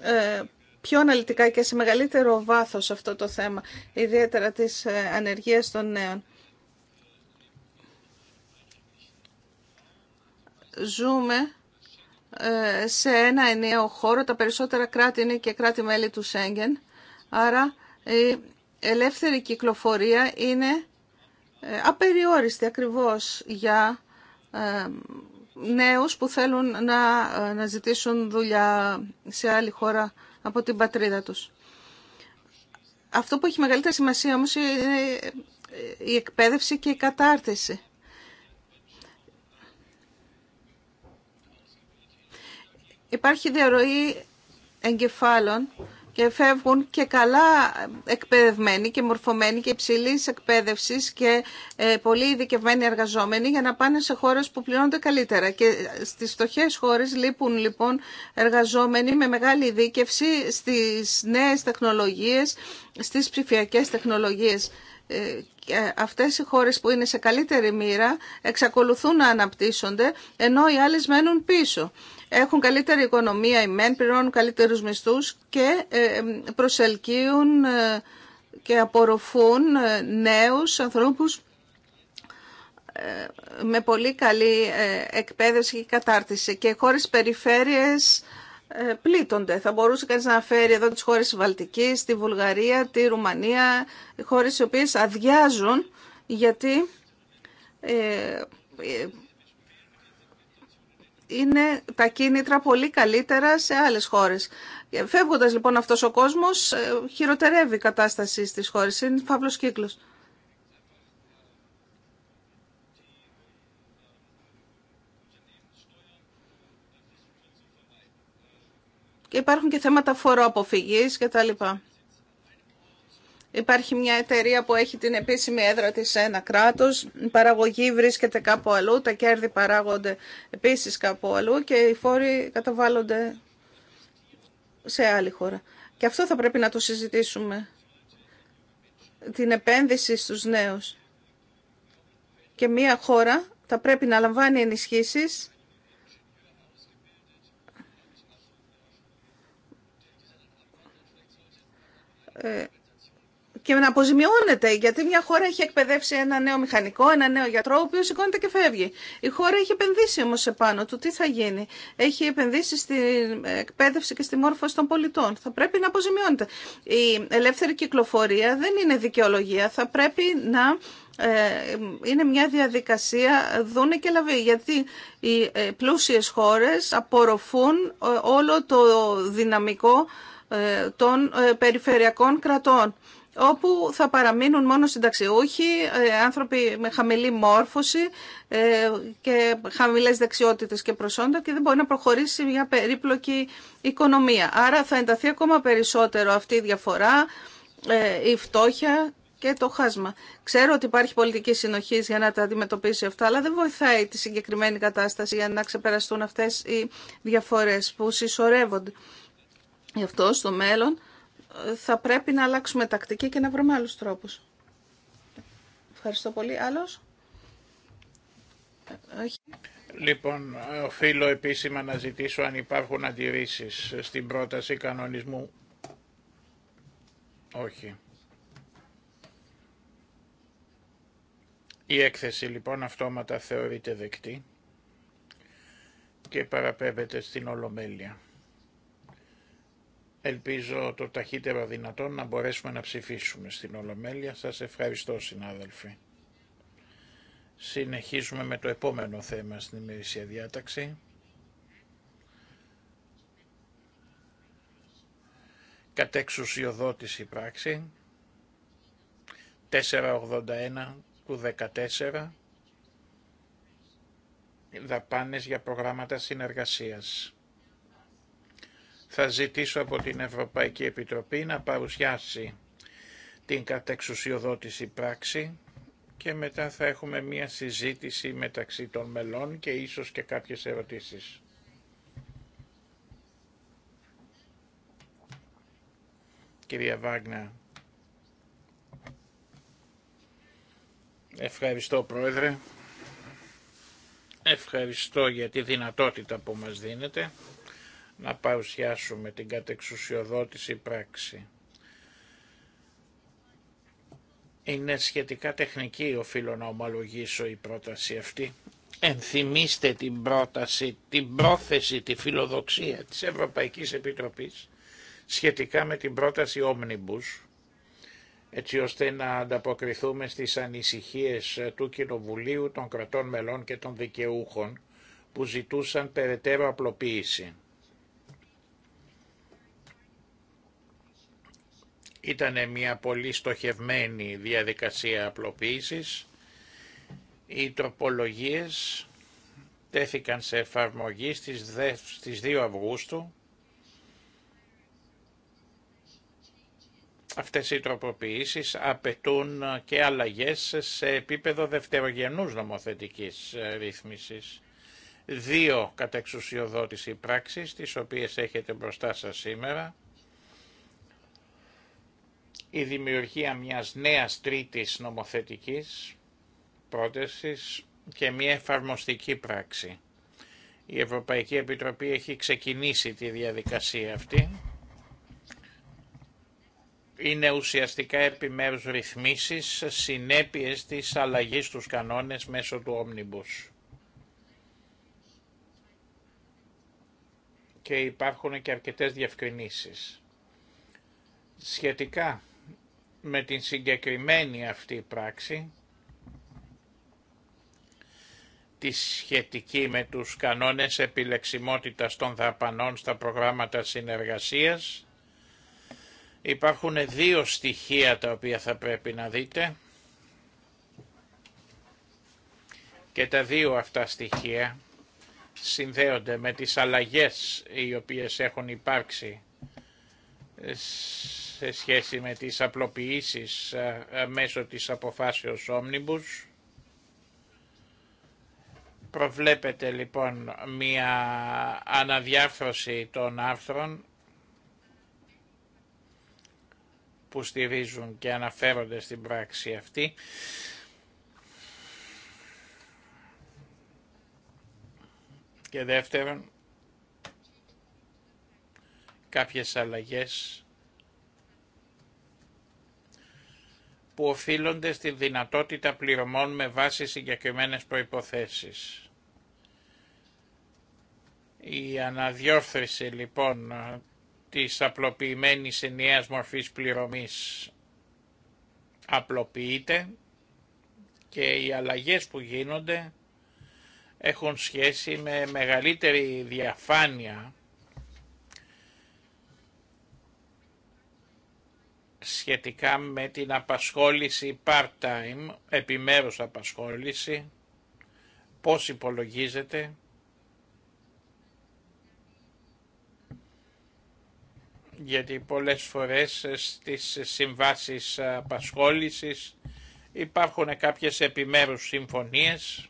ε, πιο αναλυτικά και σε μεγαλύτερο βάθος αυτό το θέμα, ιδιαίτερα της ε, ανεργίας των νέων. Ζούμε σε ένα ενιαίο χώρο, τα περισσότερα κράτη είναι και κράτη-μέλη του Σέγγεν, άρα ελεύθερη κυκλοφορία είναι ε, απεριόριστη ακριβώς για ε, νέους που θέλουν να, ε, να ζητήσουν δουλειά σε άλλη χώρα από την πατρίδα τους. Αυτό που έχει μεγαλύτερη σημασία όμως είναι η εκπαίδευση και η κατάρτιση. Υπάρχει διαρροή εγκεφάλων και φεύγουν και καλά εκπαιδευμένοι και μορφωμένοι και υψηλή εκπαίδευση και ε, πολύ ειδικευμένοι εργαζόμενοι για να πάνε σε χώρε που πληρώνονται καλύτερα. Και στι φτωχέ χώρε λείπουν λοιπόν εργαζόμενοι με μεγάλη ειδίκευση στι νέε τεχνολογίε, στι ψηφιακέ τεχνολογίε. Ε, και αυτές οι χώρες που είναι σε καλύτερη μοίρα εξακολουθούν να αναπτύσσονται ενώ οι άλλες μένουν πίσω. Έχουν καλύτερη οικονομία, οι μεν πληρώνουν καλύτερους μισθούς και ε, προσελκύουν ε, και απορροφούν νέους ανθρώπους με πολύ καλή εκπαίδευση και κατάρτιση. Και χώρες περιφέρειες ε, πλήττονται. Θα μπορούσε κανείς να αναφέρει εδώ τις χώρες της Βαλτικής, τη Βουλγαρία, τη Ρουμανία, χώρες οι οποίες αδειάζουν γιατί ε, ε, είναι τα κίνητρα πολύ καλύτερα σε άλλες χώρες. Φεύγοντας λοιπόν αυτός ο κόσμος, χειροτερεύει η κατάσταση στις χώρες. Είναι φαύλος κύκλος. Υπάρχουν και θέματα φοροαποφυγής και τα λοιπά. Υπάρχει μια εταιρεία που έχει την επίσημη έδρα της σε ένα κράτος, η παραγωγή βρίσκεται κάπου αλλού, τα κέρδη παράγονται επίσης κάπου αλλού και οι φόροι καταβάλλονται σε άλλη χώρα. Και αυτό θα πρέπει να το συζητήσουμε, την επένδυση στους νέους. Και μια χώρα θα πρέπει να λαμβάνει ενισχύσεις Ε, και να αποζημιώνεται, γιατί μια χώρα έχει εκπαιδεύσει ένα νέο μηχανικό, ένα νέο γιατρό, ο οποίο σηκώνεται και φεύγει. Η χώρα έχει επενδύσει όμω επάνω του. Τι θα γίνει, έχει επενδύσει στην εκπαίδευση και στη μόρφωση των πολιτών. Θα πρέπει να αποζημιώνεται. Η ελεύθερη κυκλοφορία δεν είναι δικαιολογία. Θα πρέπει να ε, είναι μια διαδικασία δούνε και λαβεί γιατί οι ε, πλούσιε χώρε απορροφούν όλο το δυναμικό ε, των ε, περιφερειακών κρατών όπου θα παραμείνουν μόνο συνταξιούχοι, ε, άνθρωποι με χαμηλή μόρφωση και χαμηλές δεξιότητες και προσόντα και δεν μπορεί να προχωρήσει μια περίπλοκη οικονομία. Άρα θα ενταθεί ακόμα περισσότερο αυτή η διαφορά, η φτώχεια και το χάσμα. Ξέρω ότι υπάρχει πολιτική συνοχή για να τα αντιμετωπίσει αυτά, αλλά δεν βοηθάει τη συγκεκριμένη κατάσταση για να ξεπεραστούν αυτές οι διαφορές που συσσωρεύονται. Γι' αυτό στο μέλλον ε, θα πρέπει να αλλάξουμε τακτική και να βρούμε άλλους τρόπους. Ευχαριστώ πολύ. Άλλος? Ε, όχι. Λοιπόν, οφείλω επίσημα να ζητήσω αν υπάρχουν αντιρρήσεις στην πρόταση κανονισμού. Όχι. Η έκθεση λοιπόν αυτόματα θεωρείται δεκτή και παραπέμπεται στην Ολομέλεια. Ελπίζω το ταχύτερο δυνατόν να μπορέσουμε να ψηφίσουμε στην Ολομέλεια. Σας ευχαριστώ συνάδελφοι. Συνεχίζουμε με το επόμενο θέμα στην ημερησία διάταξη. Κατεξουσιοδότηση πράξη 481 του 14 δαπάνες για προγράμματα συνεργασίας. Θα ζητήσω από την Ευρωπαϊκή Επιτροπή να παρουσιάσει την κατεξουσιοδότηση πράξη και μετά θα έχουμε μία συζήτηση μεταξύ των μελών και ίσως και κάποιες ερωτήσεις. Κυρία Βάγνα. Ευχαριστώ Πρόεδρε. Ευχαριστώ για τη δυνατότητα που μας δίνετε να παρουσιάσουμε την κατεξουσιοδότηση πράξη. Είναι σχετικά τεχνική, οφείλω να ομολογήσω, η πρόταση αυτή. Ενθυμίστε την πρόταση, την πρόθεση, τη φιλοδοξία της Ευρωπαϊκής Επιτροπής σχετικά με την πρόταση Omnibus, έτσι ώστε να ανταποκριθούμε στις ανησυχίες του Κοινοβουλίου, των κρατών μελών και των δικαιούχων που ζητούσαν περαιτέρω απλοποίηση. Ήταν μια πολύ στοχευμένη διαδικασία απλοποίησης. Οι τροπολογίες τέθηκαν σε εφαρμογή στις 2 Αυγούστου. Αυτές οι τροποποιήσεις απαιτούν και αλλαγές σε επίπεδο δευτερογενούς νομοθετικής ε, ρύθμισης. Δύο κατεξουσιοδότηση πράξεις, τις οποίες έχετε μπροστά σας σήμερα η δημιουργία μιας νέας τρίτης νομοθετικής πρότασης και μια εφαρμοστική πράξη. Η Ευρωπαϊκή Επιτροπή έχει ξεκινήσει τη διαδικασία αυτή. Είναι ουσιαστικά επιμέρους ρυθμίσεις συνέπειες της αλλαγής τους κανόνες μέσω του Όμνιμπους. Και υπάρχουν και αρκετές διευκρινήσεις. Σχετικά με την συγκεκριμένη αυτή πράξη, τη σχετική με τους κανόνες επιλεξιμότητας των δαπανών στα προγράμματα συνεργασίας. Υπάρχουν δύο στοιχεία τα οποία θα πρέπει να δείτε και τα δύο αυτά στοιχεία συνδέονται με τις αλλαγές οι οποίες έχουν υπάρξει σε σχέση με τις απλοποιήσεις ε, ε, μέσω της αποφάσεως Omnibus. Προβλέπεται λοιπόν μία αναδιάρθρωση των άρθρων που στηρίζουν και αναφέρονται στην πράξη αυτή. Και δεύτερον, κάποιες αλλαγές που οφείλονται στη δυνατότητα πληρωμών με βάση συγκεκριμένες προϋποθέσεις. Η αναδιόρθρηση λοιπόν της απλοποιημένης ενιαίας μορφής πληρωμής απλοποιείται και οι αλλαγές που γίνονται έχουν σχέση με μεγαλύτερη διαφάνεια σχετικά με την απασχόληση part-time, επιμέρους απασχόληση, πώς υπολογίζεται. Γιατί πολλές φορές στις συμβάσεις απασχόλησης υπάρχουν κάποιες επιμέρους συμφωνίες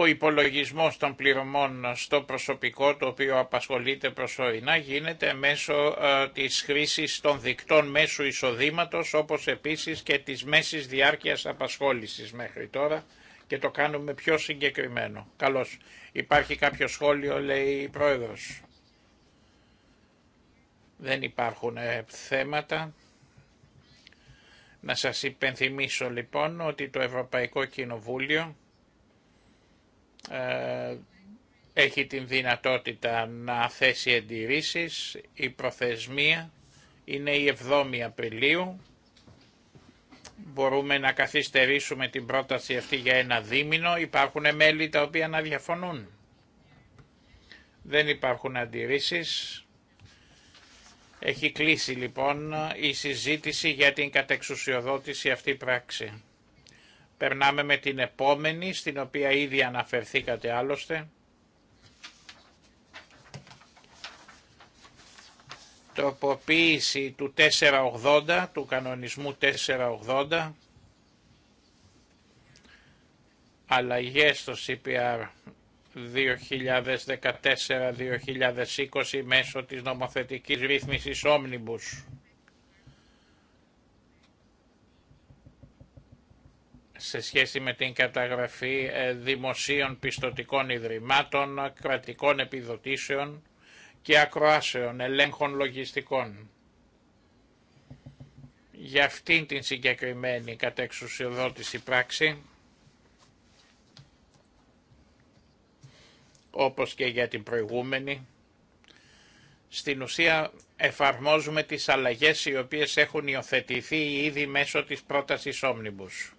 Ο υπολογισμός των πληρωμών στο προσωπικό το οποίο απασχολείται προσωρινά γίνεται μέσω ε, της χρήσης των δικτών μέσου εισοδήματος όπως επίσης και της μέσης διάρκειας απασχόλησης μέχρι τώρα και το κάνουμε πιο συγκεκριμένο. Καλώς. Υπάρχει κάποιο σχόλιο λέει η Πρόεδρος. Δεν υπάρχουν ε, θέματα. Να σας υπενθυμίσω λοιπόν ότι το Ευρωπαϊκό Κοινοβούλιο ε, έχει την δυνατότητα να θέσει εντηρήσεις. Η προθεσμία είναι η 7η Απριλίου. Μπορούμε να καθυστερήσουμε την πρόταση αυτή για ένα δίμηνο. Υπάρχουν μέλη τα οποία να διαφωνούν. Δεν υπάρχουν αντιρρήσεις. Έχει κλείσει λοιπόν η συζήτηση για την κατεξουσιοδότηση αυτή πράξη. Περνάμε με την επόμενη, στην οποία ήδη αναφερθήκατε άλλωστε. Τροποποίηση του 480, του κανονισμού 480. Αλλαγές στο CPR 2014-2020 μέσω της νομοθετικής ρύθμισης Omnibus. σε σχέση με την καταγραφή ε, δημοσίων πιστοτικών ιδρυμάτων, κρατικών επιδοτήσεων και ακροάσεων, ελέγχων λογιστικών. Για αυτήν την συγκεκριμένη κατεξουσιοδότηση πράξη, όπως και για την προηγούμενη, στην ουσία εφαρμόζουμε τις αλλαγές οι οποίες έχουν υιοθετηθεί ήδη μέσω της πρότασης Omnibus.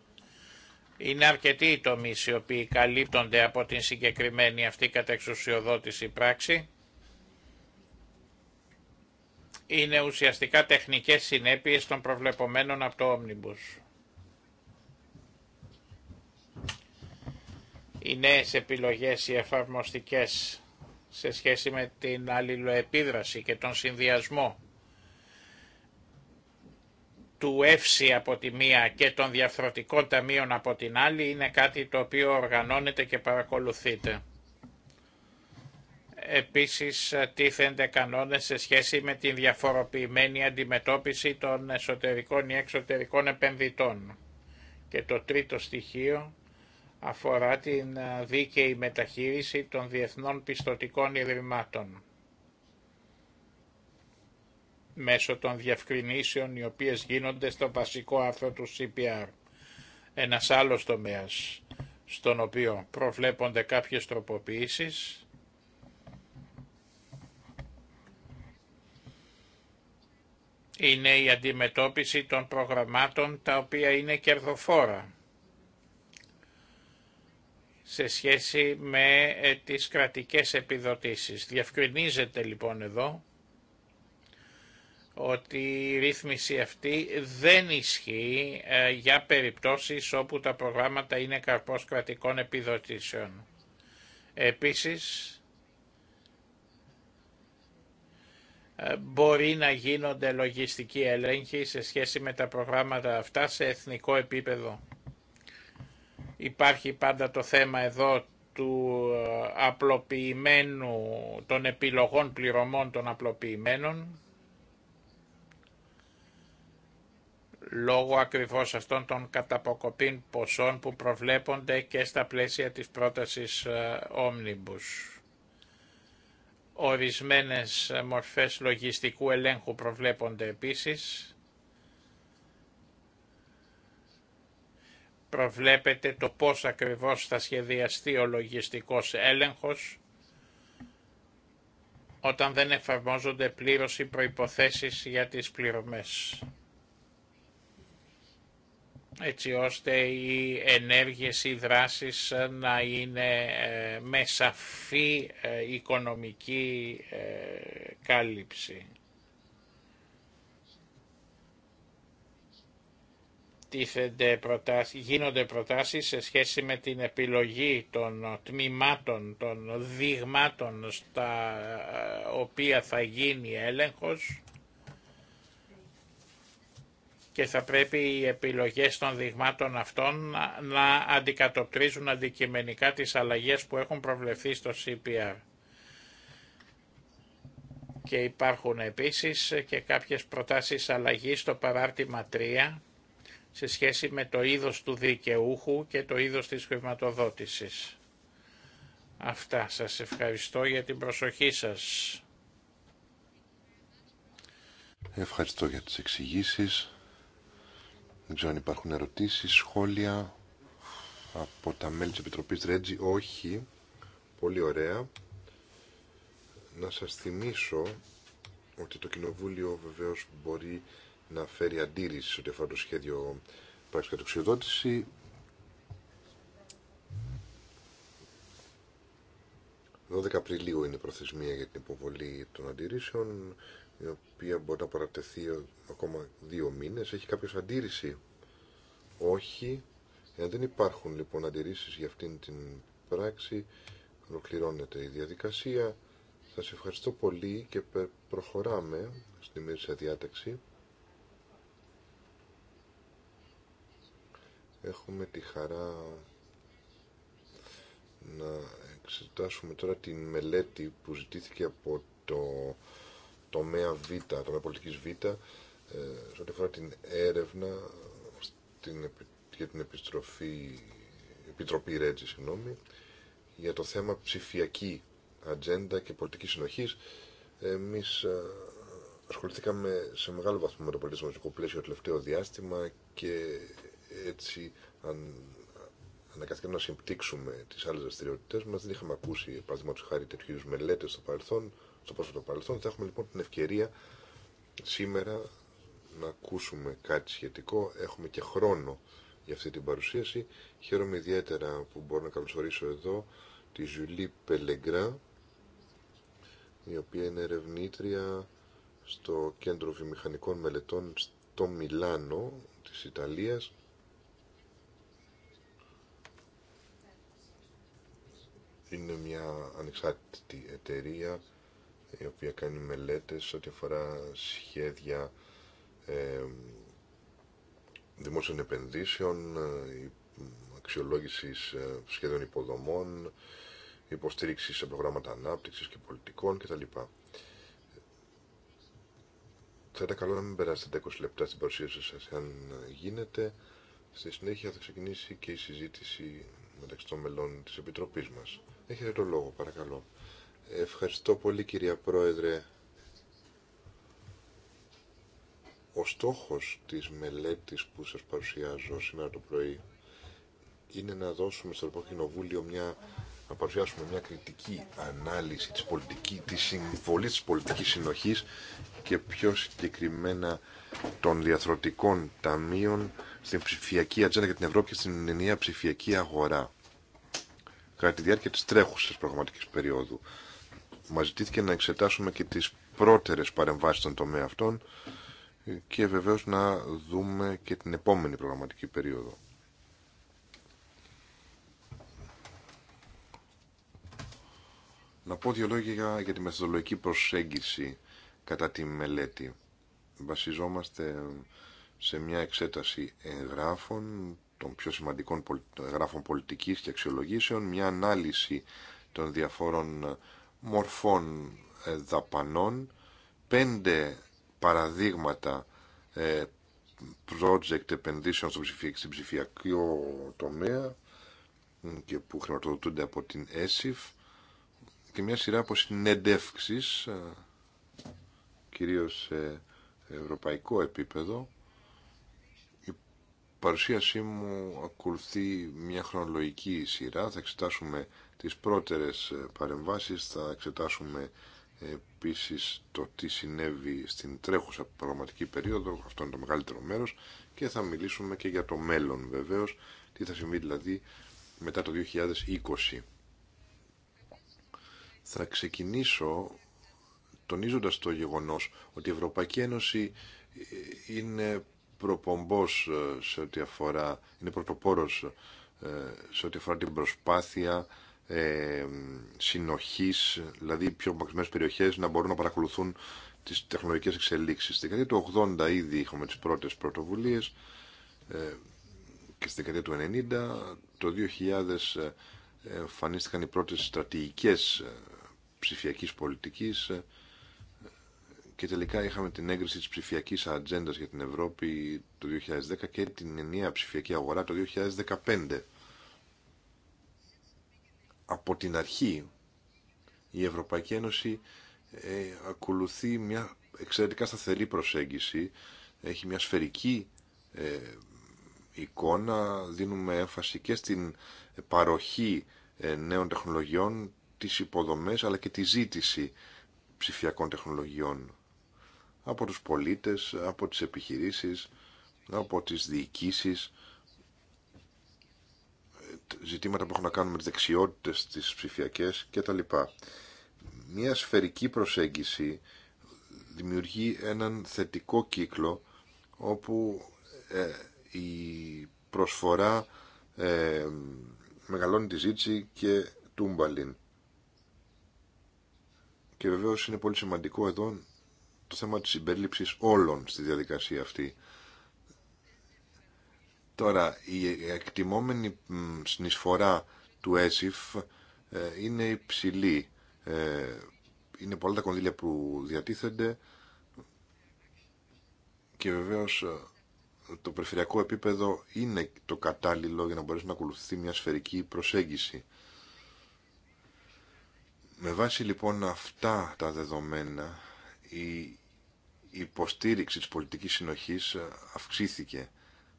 Είναι αρκετοί οι τομεί οι οποίοι καλύπτονται από την συγκεκριμένη αυτή κατεξουσιοδότηση πράξη. Είναι ουσιαστικά τεχνικές συνέπειες των προβλεπωμένων από το Omnibus. Οι νέες επιλογές οι εφαρμοστικές σε σχέση με την αλληλοεπίδραση και τον συνδυασμό του ΕΦΣΙ από τη μία και των διαφθορτικών ταμείων από την άλλη είναι κάτι το οποίο οργανώνεται και παρακολουθείται. Επίσης ε, τίθενται κανόνες σε σχέση με την διαφοροποιημένη αντιμετώπιση των εσωτερικών ή εξωτερικών επενδυτών. Και το τρίτο στοιχείο αφορά την ε, δίκαιη μεταχείριση των διεθνών πιστοτικών ιδρυμάτων μέσω των διευκρινήσεων οι οποίες γίνονται στο βασικό άρθρο του CPR. Ένας άλλος τομέας στον οποίο προβλέπονται κάποιες τροποποιήσεις είναι η αντιμετώπιση των προγραμμάτων τα οποία είναι κερδοφόρα σε σχέση με ε, τις κρατικές επιδοτήσεις. Διευκρινίζεται λοιπόν εδώ ότι η ρύθμιση αυτή δεν ισχύει ε, για περιπτώσεις όπου τα προγράμματα είναι καρπός κρατικών επιδοτήσεων. Επίσης, ε, μπορεί να γίνονται λογιστικοί έλεγχοι σε σχέση με τα προγράμματα αυτά σε εθνικό επίπεδο. Υπάρχει πάντα το θέμα εδώ του ε, απλοποιημένου, των επιλογών πληρωμών των απλοποιημένων, λόγω ακριβώς αυτών των καταποκοπήν ποσών που προβλέπονται και στα πλαίσια της πρότασης ε, Omnibus. Ορισμένες ε, μορφές λογιστικού ελέγχου προβλέπονται επίσης. Προβλέπεται το πώς ακριβώς θα σχεδιαστεί ο λογιστικός έλεγχος όταν δεν εφαρμόζονται πλήρως οι προϋποθέσεις για τις πληρωμές έτσι ώστε οι ενέργειες ή δράσεις να είναι ε, με σαφή ε, οικονομική ε, κάλυψη. Προτάσεις, γίνονται προτάσεις σε σχέση με την επιλογή των τμήματων, των δειγμάτων στα οποία θα γίνει έλεγχος και θα πρέπει οι επιλογές των δειγμάτων αυτών να αντικατοπτρίζουν αντικειμενικά τις αλλαγές που έχουν προβλεφθεί στο CPR. Και υπάρχουν επίσης και κάποιες προτάσεις αλλαγής στο παράρτημα 3 σε σχέση με το είδος του δικαιούχου και το είδος της χρηματοδότησης. Αυτά σας ευχαριστώ για την προσοχή σας. Ευχαριστώ για τις εξηγήσεις. Δεν ξέρω αν υπάρχουν ερωτήσεις, σχόλια από τα μέλη της Επιτροπής Ρέτζι. Όχι. Πολύ ωραία. Να σας θυμίσω ότι το Κοινοβούλιο βεβαίως μπορεί να φέρει αντίρρηση σε ό,τι αφορά το σχέδιο πράξης κατοξιοδότηση. 12 Απριλίου είναι η προθεσμία για την υποβολή των αντιρρήσεων η οποία μπορεί να παρατεθεί ακόμα δύο μήνες. Έχει κάποιος αντίρρηση. Όχι. Εάν δεν υπάρχουν λοιπόν αντιρρήσεις για αυτήν την πράξη, ολοκληρώνεται η διαδικασία. Σας ευχαριστώ πολύ και προχωράμε στη μέρη διάταξη. Έχουμε τη χαρά να εξετάσουμε τώρα την μελέτη που ζητήθηκε από το τομέα Β, τομέα πολιτικής Β, ε, σε ό,τι αφορά την έρευνα στην, για την επιστροφή, Επιτροπή Ρέτζη, συγγνώμη, για το θέμα ψηφιακή ατζέντα και πολιτική συνοχής. Εμεί ε, ασχοληθήκαμε σε μεγάλο βαθμό με το πολιτισμικό πλαίσιο το τελευταίο διάστημα και έτσι αν αναγκαστήκαμε να συμπτύξουμε τι άλλε δραστηριότητέ μα. Δεν είχαμε ακούσει, παραδείγματο χάρη, τέτοιου είδου μελέτε στο παρελθόν, στο πρόσφατο παρελθόν. Θα έχουμε λοιπόν την ευκαιρία σήμερα να ακούσουμε κάτι σχετικό. Έχουμε και χρόνο για αυτή την παρουσίαση. Χαίρομαι ιδιαίτερα που μπορώ να καλωσορίσω εδώ τη Ζουλή Πελεγκρά, η οποία είναι ερευνήτρια στο Κέντρο Βιομηχανικών Μελετών στο Μιλάνο της Ιταλίας είναι μια ανεξάρτητη εταιρεία η οποία κάνει μελέτες ό,τι αφορά σχέδια ε, δημόσιων επενδύσεων, ε, αξιολόγηση ε, σχέδιων υποδομών, υποστήριξη σε προγράμματα ανάπτυξης και πολιτικών κτλ. Θα ήταν καλό να μην περάσετε 20 λεπτά στην παρουσίαση σας, αν γίνεται. Στη συνέχεια θα ξεκινήσει και η συζήτηση μεταξύ των μελών της Επιτροπής μας. Έχετε το λόγο, παρακαλώ. Ευχαριστώ πολύ, κυρία Πρόεδρε. Ο στόχος της μελέτης που σας παρουσιάζω σήμερα το πρωί είναι να δώσουμε στο Ευρωπαϊκό Κοινοβούλιο μια να παρουσιάσουμε μια κριτική ανάλυση της, πολιτική, της συμβολής της πολιτικής συνοχής και πιο συγκεκριμένα των διαθροτικών ταμείων στην ψηφιακή ατζέντα για την Ευρώπη και στην ενιαία ψηφιακή αγορά κατά τη διάρκεια της τρέχουσας προγραμματικής περίοδου. Μας ζητήθηκε να εξετάσουμε και τις πρώτερες παρεμβάσεις των τομέα αυτών και βεβαίως να δούμε και την επόμενη προγραμματική περίοδο. Να πω δύο λόγια για τη μεθοδολογική προσέγγιση κατά τη μελέτη. Βασιζόμαστε σε μια εξέταση εγγράφων των πιο σημαντικών γράφων πολιτικής και αξιολογήσεων, μια ανάλυση των διαφόρων ε, μορφών ε, δαπανών, πέντε παραδείγματα ε, project επενδύσεων στο στην ψηφιακό τομέα και που χρηματοδοτούνται από την ΕΣΥΦ και μια σειρά από συνεντεύξεις κυρίως σε ευρωπαϊκό επίπεδο παρουσίασή μου ακολουθεί μια χρονολογική σειρά. Θα εξετάσουμε τις πρώτερες ε, παρεμβάσεις, θα εξετάσουμε ε, επίσης το τι συνέβη στην τρέχουσα προγραμματική περίοδο, αυτό είναι το μεγαλύτερο μέρος, και θα μιλήσουμε και για το μέλλον βεβαίως, τι θα συμβεί δηλαδή μετά το 2020. Θα ξεκινήσω τονίζοντας το γεγονός ότι η Ευρωπαϊκή Ένωση ε, είναι προπομπός ε, σε ό,τι αφορά, είναι πρωτοπόρος ε, σε ό,τι αφορά την προσπάθεια ε, συνοχής, δηλαδή πιο μακρισμένες περιοχές να μπορούν να παρακολουθούν τις τεχνολογικές εξελίξεις. Στην δεκαετία του 80 ήδη είχαμε τις πρώτες πρωτοβουλίες ε, και στην δεκαετία του 90, το 2000 ε, εμφανίστηκαν οι πρώτες στρατηγικές ψηφιακής πολιτική και τελικά είχαμε την έγκριση της ψηφιακή ατζέντα για την Ευρώπη το 2010 και την ενιαία ψηφιακή αγορά το 2015. Από την αρχή η Ευρωπαϊκή Ένωση ε, ακολουθεί μια εξαιρετικά σταθερή προσέγγιση, έχει μια σφαιρική ε, εικόνα, δίνουμε έμφαση και στην παροχή ε, νέων τεχνολογιών, τις υποδομές αλλά και τη ζήτηση ψηφιακών τεχνολογιών από τους πολίτες, από τις επιχειρήσεις, από τις διοικήσεις, ζητήματα που έχουν να κάνουν με τις δεξιότητες, τις ψηφιακές κτλ. Μια σφαιρική προσέγγιση δημιουργεί έναν θετικό κύκλο όπου ε, η προσφορά ε, μεγαλώνει τη ζήτηση και τούμπαλιν. Και βεβαίως είναι πολύ σημαντικό εδώ το θέμα της συμπερίληψης όλων στη διαδικασία αυτή. Τώρα, η εκτιμόμενη συνεισφορά του ΕΣΥΦ ε, είναι υψηλή. Ε, είναι πολλά τα κονδύλια που διατίθενται και βεβαίως ε, το περιφερειακό επίπεδο είναι το κατάλληλο για να μπορέσει να ακολουθεί μια σφαιρική προσέγγιση. Με βάση λοιπόν αυτά τα δεδομένα η υποστήριξη της πολιτικής συνοχής ε, αυξήθηκε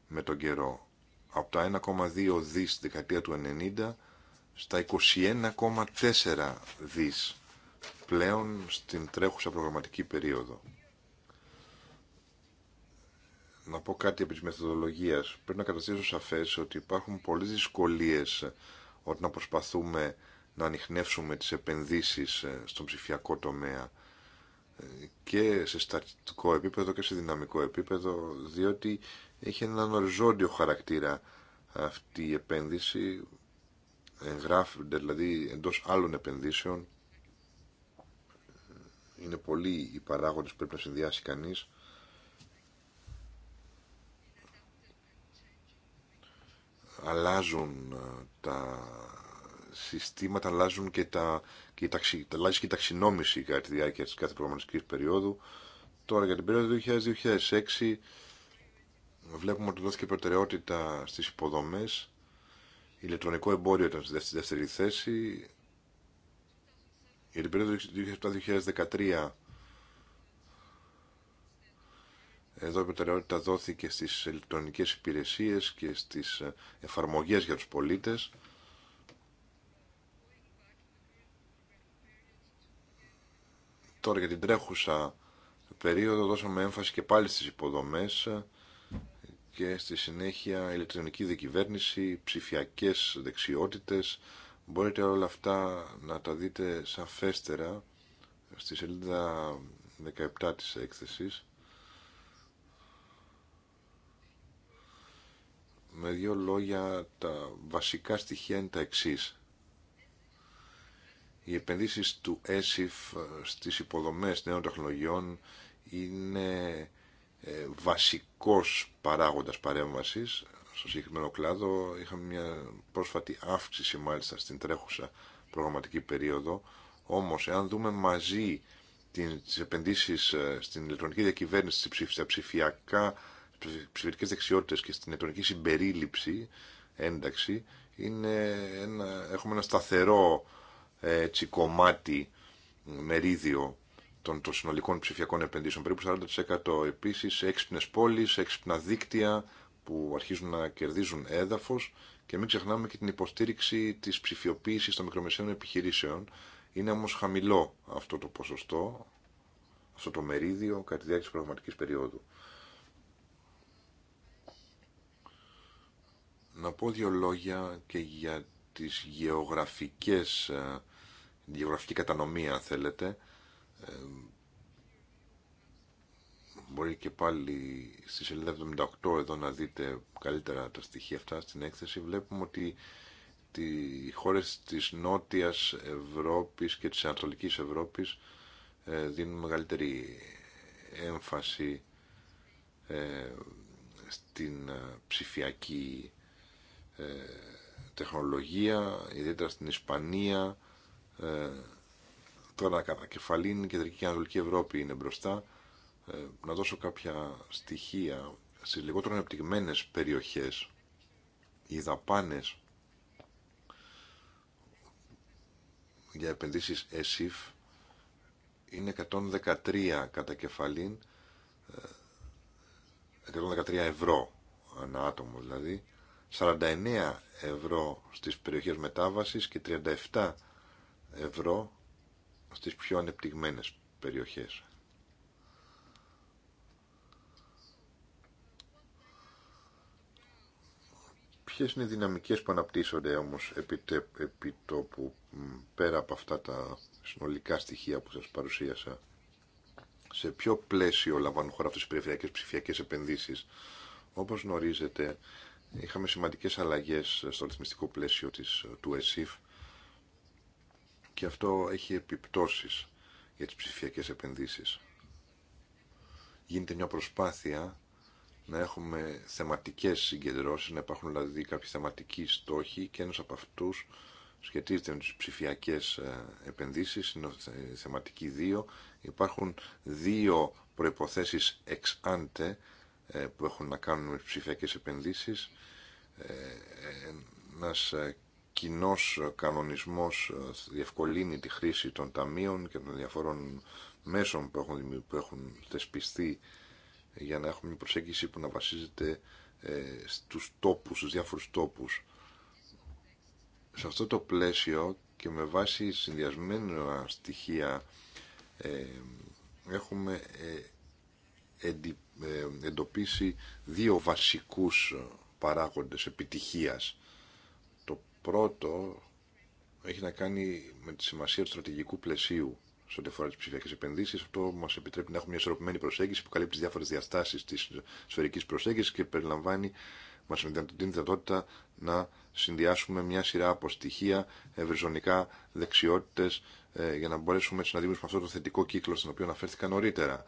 με τον καιρό από τα 1,2 δις στη δεκαετία του 90 στα 21,4 δις πλέον στην τρέχουσα προγραμματική περίοδο. Να πω κάτι επί της μεθοδολογίας. Πρέπει να καταστήσω σαφές ότι υπάρχουν πολλές δυσκολίες ε, όταν προσπαθούμε να ανοιχνεύσουμε τις επενδύσεις ε, στον ψηφιακό τομέα και σε στατικό επίπεδο και σε δυναμικό επίπεδο, διότι έχει έναν οριζόντιο χαρακτήρα αυτή η επένδυση, εγγράφονται δηλαδή εντός άλλων επενδύσεων, είναι πολλοί οι παράγοντες που πρέπει να συνδυάσει κανείς, αλλάζουν ε, τα συστήματα αλλάζουν και, τα, και, η, ταξι, αλλάζει και η ταξινόμηση κατά τη διάρκεια τη κάθε προγραμματική περίοδου. Τώρα για την περίοδο 2000-2006 βλέπουμε ότι δόθηκε προτεραιότητα στις υποδομές. Ηλεκτρονικό εμπόριο ήταν στη δεύτερη θέση. Για την περίοδο 2007-2013 Εδώ η προτεραιότητα δόθηκε στις ηλεκτρονικές υπηρεσίες και στις ε, εφαρμογές για τους πολίτες. Τώρα για την τρέχουσα περίοδο δώσαμε έμφαση και πάλι στις υποδομές και στη συνέχεια ηλεκτρονική δικυβέρνηση, ψηφιακές δεξιότητες. Μπορείτε όλα αυτά να τα δείτε σαφέστερα στη σελίδα 17 της έκθεσης. Με δύο λόγια τα βασικά στοιχεία είναι τα εξής. Οι επενδύσεις του ΕΣΥΦ στις υποδομές νέων τεχνολογιών είναι ε, βασικός παράγοντας παρέμβασης στο συγκεκριμένο κλάδο. Είχαμε μια πρόσφατη αύξηση μάλιστα στην τρέχουσα προγραμματική περίοδο. Όμως, εάν δούμε μαζί τις επενδύσεις ε, στην ηλεκτρονική διακυβέρνηση, στα ψηφιακά, ψηφιακές δεξιότητες και στην ηλεκτρονική συμπερίληψη, ένταξη, είναι ένα, έχουμε ένα σταθερό έτσι, κομμάτι, μερίδιο των, των συνολικών ψηφιακών επενδύσεων. Περίπου 40% επίσης έξυπνες πόλεις, έξυπνα δίκτυα που αρχίζουν να κερδίζουν έδαφος και μην ξεχνάμε και την υποστήριξη της ψηφιοποίησης των μικρομεσαίων επιχειρήσεων. Είναι όμως χαμηλό αυτό το ποσοστό, αυτό το μερίδιο κατά τη διάρκεια της πραγματικής περίοδου. Να πω δύο λόγια και για τις γεωγραφικές ε, γεωγραφική κατανομή αν θέλετε μπορεί και πάλι στη σελίδα 78 εδώ να δείτε καλύτερα τα στοιχεία αυτά στην έκθεση βλέπουμε ότι οι χώρες της Νότιας Ευρώπης και της Ανατολικής Ευρώπης ε, δίνουν μεγαλύτερη έμφαση ε, στην ε, ψηφιακή τεχνολογία, ιδιαίτερα στην Ισπανία ε, τώρα κατά κεφαλήν η Κεντρική και Ανατολική Ευρώπη είναι μπροστά. Ε, να δώσω κάποια στοιχεία. σε λιγότερο ανεπτυγμένες περιοχές οι δαπάνες για επενδύσεις ΕΣΥΦ είναι 113 κατά κεφαλήν 113 ε, ευρώ ανά άτομο δηλαδή 49 ευρώ στις περιοχές μετάβασης και 37 ευρώ στις πιο ανεπτυγμένες περιοχές. Ποιες είναι οι δυναμικές που αναπτύσσονται όμως επί, επί που πέρα από αυτά τα συνολικά στοιχεία που σας παρουσίασα. Σε ποιο πλαίσιο λαμβάνουν χώρα αυτές οι περιφερειακές ψηφιακές επενδύσεις. Όπως γνωρίζετε είχαμε σημαντικές αλλαγές στο ρυθμιστικό πλαίσιο της, του ΕΣΥΦ και αυτό έχει επιπτώσεις για τις ψηφιακές επενδύσεις. Γίνεται μια προσπάθεια να έχουμε θεματικές συγκεντρώσεις, να υπάρχουν δηλαδή κάποιοι θεματικοί στόχοι και ένας από αυτούς σχετίζεται με τις ψηφιακές ε, επενδύσεις, είναι θεματική δύο. Υπάρχουν δύο προϋποθέσεις εξάντε αντέ, που έχουν να κάνουν με τις ψηφιακές επενδύσεις. Ε, ε, ένας κοινό ε, κανονισμός ε, διευκολύνει τη χρήση των ταμείων και των διαφορών μέσων που έχουν, που έχουν θεσπιστεί για να έχουμε μια προσέγγιση που να βασίζεται ε, στους τόπους, στους διάφορους τόπους. Σε αυτό το πλαίσιο και με βάση συνδυασμένα στοιχεία έχουμε εντοπίσει δύο βασικούς παράγοντες επιτυχίας πρώτο έχει να κάνει με τη σημασία του στρατηγικού πλαισίου σε ό,τι αφορά τι ψηφιακέ επενδύσει. Αυτό μα επιτρέπει να έχουμε μια ισορροπημένη προσέγγιση που καλύπτει τι διάφορε διαστάσει τη σφαιρική προσέγγιση και περιλαμβάνει, μα δίνει δυνατότητα να συνδυάσουμε μια σειρά από στοιχεία, ευρυζωνικά δεξιότητε, ε, για να μπορέσουμε να δημιουργήσουμε αυτό το θετικό κύκλο στον οποίο αναφέρθηκα νωρίτερα.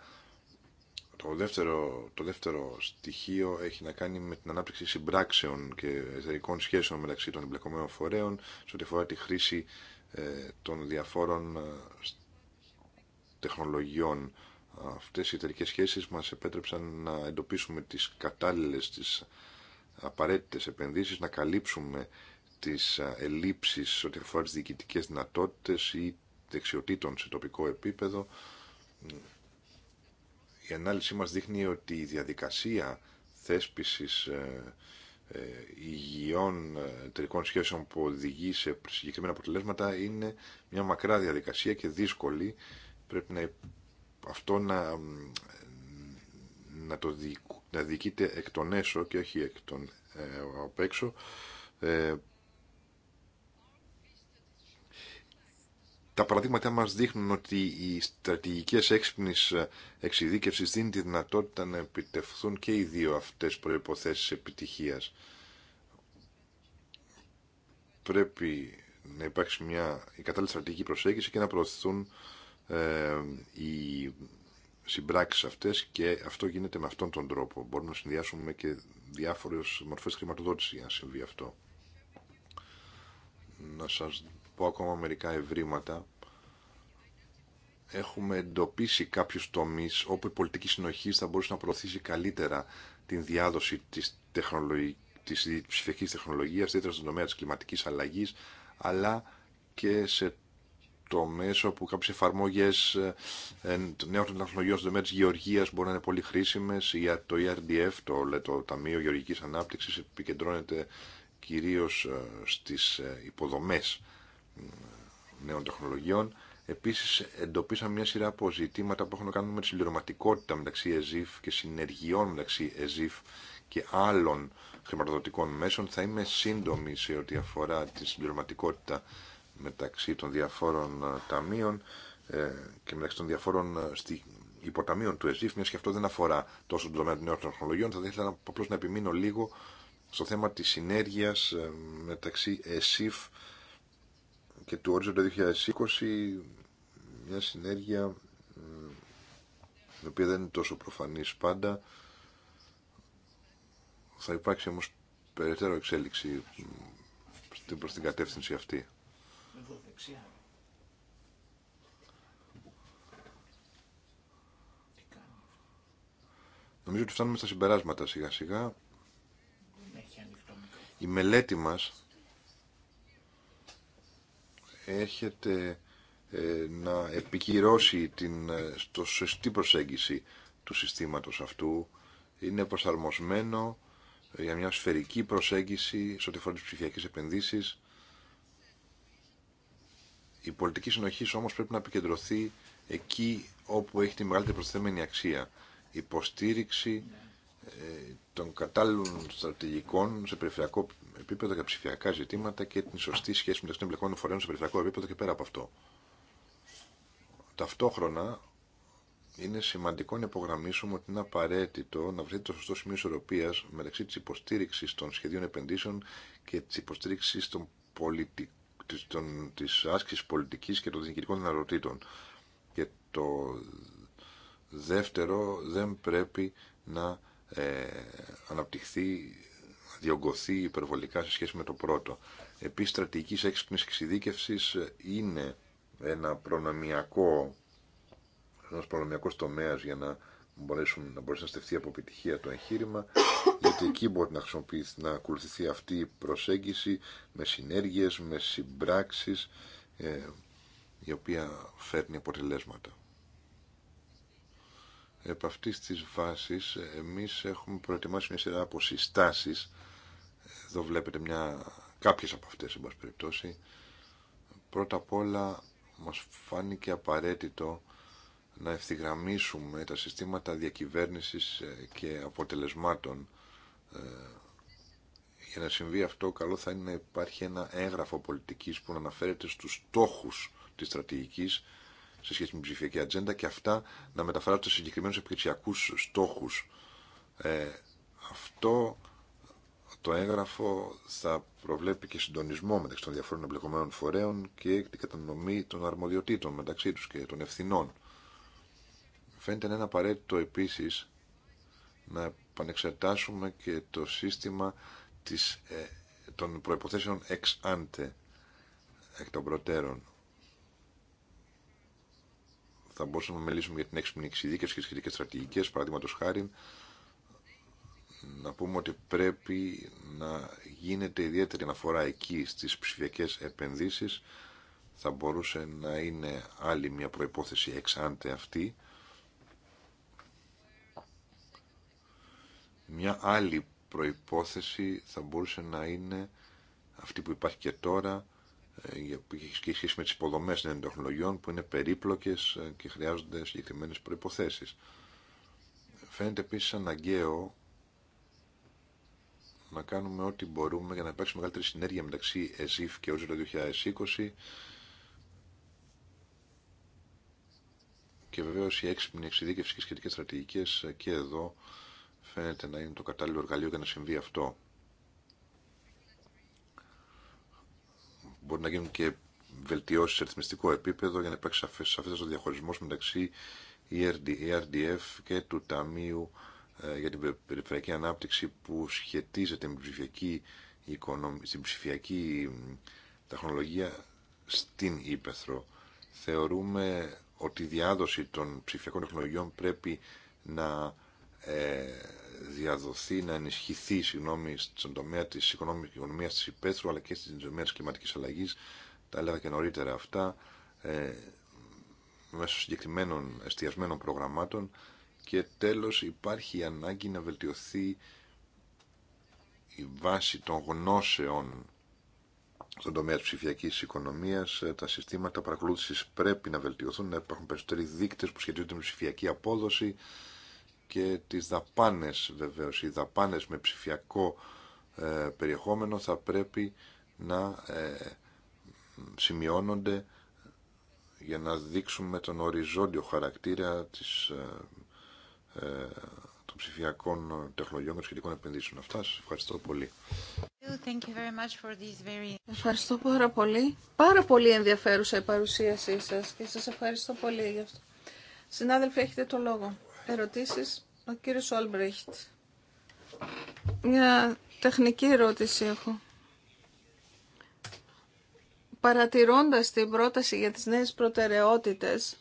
Το δεύτερο, το δεύτερο στοιχείο έχει να κάνει με την ανάπτυξη συμπράξεων και εταιρικών σχέσεων μεταξύ των εμπλεκομένων φορέων σε ό,τι αφορά τη χρήση ε, των διαφόρων ε, τεχνολογιών. Αυτές οι εταιρικές σχέσεις μας επέτρεψαν να εντοπίσουμε τις κατάλληλες, τις απαραίτητες επενδύσεις, να καλύψουμε τις ε, ελλείψεις ό,τι αφορά τις διοικητικές δυνατότητες ή δεξιοτήτων σε τοπικό επίπεδο η ανάλυση μας δείχνει ότι η διαδικασία θέσπισης ε, ε, υγιών ε, εταιρικών σχέσεων που οδηγεί σε συγκεκριμένα αποτελέσματα είναι μια μακρά διαδικασία και δύσκολη. Πρέπει να, αυτό να, να το να διοικείται εκ των έσω και όχι εκ των απ' έξω. Τα παραδείγματά μας δείχνουν ότι οι στρατηγικές έξυπνης εξειδίκευσης δίνουν τη δυνατότητα να επιτευχθούν και οι δύο αυτές προϋποθέσεις επιτυχίας. Πρέπει να υπάρξει μια η κατάλληλη στρατηγική προσέγγιση και να προωθηθούν ε, οι συμπράξεις αυτές και αυτό γίνεται με αυτόν τον τρόπο. Μπορούμε να συνδυάσουμε και διάφορες μορφές χρηματοδότησης για να συμβεί αυτό. Να σας πω ακόμα μερικά ευρήματα. Έχουμε εντοπίσει κάποιους τομείς όπου η πολιτική συνοχή θα μπορούσε να προωθήσει καλύτερα την διάδοση της, ψηφιακή της ψηφιακής τεχνολογίας, ιδιαίτερα στον τομέα της κλιματικής αλλαγής, αλλά και σε τομές όπου κάποιες εφαρμόγες ε, νέων τεχνολογιών στον τομέα της γεωργίας μπορεί να είναι πολύ χρήσιμες. Για το ERDF, το, το Ταμείο Γεωργικής Ανάπτυξης, επικεντρώνεται κυρίως ε, στις ε, υποδομές νέων τεχνολογιών. Επίσης εντοπίσαμε μια σειρά από ζητήματα που έχουν να κάνουν με τη συμπληρωματικότητα μεταξύ ΕΖΙΦ και συνεργειών μεταξύ ΕΖΙΦ και άλλων χρηματοδοτικών μέσων. Θα είμαι σύντομη σε ό,τι αφορά τη συμπληρωματικότητα μεταξύ των διαφόρων ε, ταμείων ε, και μεταξύ των διαφόρων ε, υποταμείων του ΕΖΙΦ, μια και αυτό δεν αφορά τόσο τον τομέα των νέων τεχνολογιών. Θα ήθελα απλώ να επιμείνω λίγο στο θέμα τη συνέργεια μεταξύ ΕΣΥΦ και του ορίζοντα 2020 μια συνέργεια η οποία δεν είναι τόσο προφανής πάντα θα υπάρξει όμως περαιτέρω εξέλιξη προς την κατεύθυνση αυτή. Νομίζω ότι φτάνουμε στα συμπεράσματα σιγά σιγά. Η μελέτη μας Έρχεται ε, να επικυρώσει την, ε, στο σωστή προσέγγιση του συστήματος αυτού. Είναι προσαρμοσμένο για μια σφαιρική προσέγγιση σε ό,τι αφορά τις ψηφιακές επενδύσεις. Η πολιτική συνοχή όμως πρέπει να επικεντρωθεί εκεί όπου έχει τη μεγαλύτερη προσθέμενη αξία. Υποστήριξη ε, των κατάλληλων στρατηγικών σε περιφερειακό επίπεδο για ψηφιακά ζητήματα και την σωστή σχέση μεταξύ των εμπλεκόμενων φορέων σε περιφερειακό επίπεδο και πέρα από αυτό. Ταυτόχρονα είναι σημαντικό να υπογραμμίσουμε ότι είναι απαραίτητο να βρεθεί το σωστό σημείο ισορροπία μεταξύ τη υποστήριξη των σχεδίων επενδύσεων και τη υποστήριξη των πολιτι... τη άσκηση πολιτική και των διοικητικών δυνατοτήτων. Και το δεύτερο δεν πρέπει να ε, αναπτυχθεί, διωγγωθεί υπερβολικά σε σχέση με το πρώτο. Επίσης, στρατηγικής έξυπνης εξειδίκευσης ε, είναι ένα προνομιακό, ένας προνομιακός τομέας για να μπορέσουν, να μπορέσει να στεφθεί από επιτυχία το εγχείρημα, γιατί εκεί μπορεί να, να ακολουθηθεί αυτή η προσέγγιση με συνέργειες, με συμπράξεις, ε, η οποία φέρνει αποτελέσματα. Επ' αυτής της βάσης εμείς έχουμε προετοιμάσει μια σειρά από συστάσει, Εδώ βλέπετε μια, κάποιες από αυτές, εν πάση περιπτώσει. Πρώτα απ' όλα μας φάνηκε απαραίτητο να ευθυγραμμίσουμε τα συστήματα διακυβέρνησης ε, και αποτελεσμάτων. Ε, για να συμβεί αυτό, καλό θα είναι να υπάρχει ένα έγγραφο πολιτικής που να αναφέρεται στους στόχους της στρατηγικής σε σχέση με την ψηφιακή ατζέντα και αυτά να μεταφράζονται σε συγκεκριμένου επιχειρησιακού στόχου. Ε, αυτό το έγγραφο θα προβλέπει και συντονισμό μεταξύ των διαφόρων εμπλεκομένων φορέων και την κατανομή των αρμοδιοτήτων μεταξύ του και των ευθυνών. Φαίνεται να είναι απαραίτητο επίσης να επανεξετάσουμε και το σύστημα της, ε, των προποθέσεων ex ante εκ των προτέρων θα μπορούσαμε να μιλήσουμε για την έξυπνη εξειδίκευση και σχετικέ στρατηγικέ, παραδείγματο χάρη, να πούμε ότι πρέπει να γίνεται ιδιαίτερη αναφορά εκεί στις ψηφιακέ επενδύσεις θα μπορούσε να είναι άλλη μια προϋπόθεση εξάντε αυτή μια άλλη προϋπόθεση θα μπορούσε να είναι αυτή που υπάρχει και τώρα ε, που έχει σχέση με τις υποδομές των τεχνολογιών που είναι περίπλοκες ε, και χρειάζονται συγκεκριμένες προϋποθέσεις. Φαίνεται επίση αναγκαίο να κάνουμε ό,τι μπορούμε για να υπάρξει μεγαλύτερη συνέργεια μεταξύ ΕΖΙΦ και ΟΖΙ 2020 και βεβαίως η έξυπνη εξειδίκευση και σχετικές στρατηγικές ε, και εδώ φαίνεται να είναι το κατάλληλο εργαλείο για να συμβεί αυτό. μπορεί να γίνουν και βελτιώσει σε ρυθμιστικό επίπεδο για να υπάρξει σαφές ο διαχωρισμό μεταξύ ERDF και του Ταμείου ε, για την Περιφερειακή Ανάπτυξη που σχετίζεται με ψηφιακή στην ψηφιακή τεχνολογία στην Ήπεθρο. Θεωρούμε ότι η διάδοση των ψηφιακών τεχνολογιών πρέπει να ε, διαδοθεί, να ενισχυθεί συγγνώμη, στον τομέα της οικονομίας της υπαίθρου αλλά και στην τομέα της κλιματικής αλλαγής τα έλεγα και νωρίτερα αυτά ε, μέσω συγκεκριμένων εστιασμένων προγραμμάτων και τέλος υπάρχει η ανάγκη να βελτιωθεί η βάση των γνώσεων στον τομέα της ψηφιακής οικονομίας ε, τα συστήματα παρακολούθησης πρέπει να βελτιωθούν να υπάρχουν περισσότεροι δείκτες που σχετίζονται με ψηφιακή απόδοση και τις δαπάνες βεβαίως. Οι δαπάνες με ψηφιακό ε, περιεχόμενο θα πρέπει να ε, σημειώνονται για να δείξουμε τον οριζόντιο χαρακτήρα ε, των ψηφιακών τεχνολογιών και σχετικών επενδύσεων. Αυτά σας ευχαριστώ πολύ. Ευχαριστώ πάρα πολύ. Πάρα πολύ ενδιαφέρουσα η παρουσίασή σας και σας ευχαριστώ πολύ γι' αυτό. Συνάδελφοι, έχετε το λόγο ερωτήσεις. Ο κύριος Όλμπρεχτ. Μια τεχνική ερώτηση έχω. Παρατηρώντας την πρόταση για τις νέες προτεραιότητες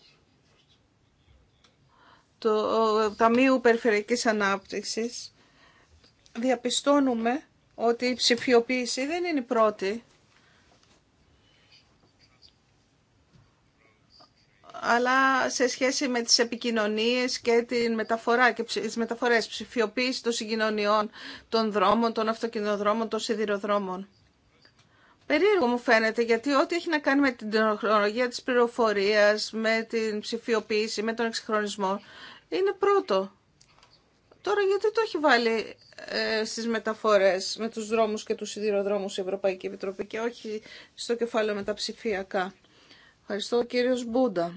του Ταμείου Περιφερειακής Ανάπτυξης, διαπιστώνουμε ότι η ψηφιοποίηση δεν είναι η πρώτη αλλά σε σχέση με τις επικοινωνίες και την μεταφορά και τις μεταφορές ψηφιοποίηση των συγκοινωνιών, των δρόμων, των αυτοκινοδρόμων, των σιδηροδρόμων. Περίεργο μου φαίνεται γιατί ό,τι έχει να κάνει με την τεχνολογία της πληροφορίας, με την ψηφιοποίηση, με τον εξυγχρονισμό, είναι πρώτο. Τώρα γιατί το έχει βάλει ε, στις μεταφορές με τους δρόμους και τους σιδηροδρόμους η Ευρωπαϊκή Επιτροπή και όχι στο κεφάλαιο με τα ψηφιακά. Ευχαριστώ κύριος Μπούντα.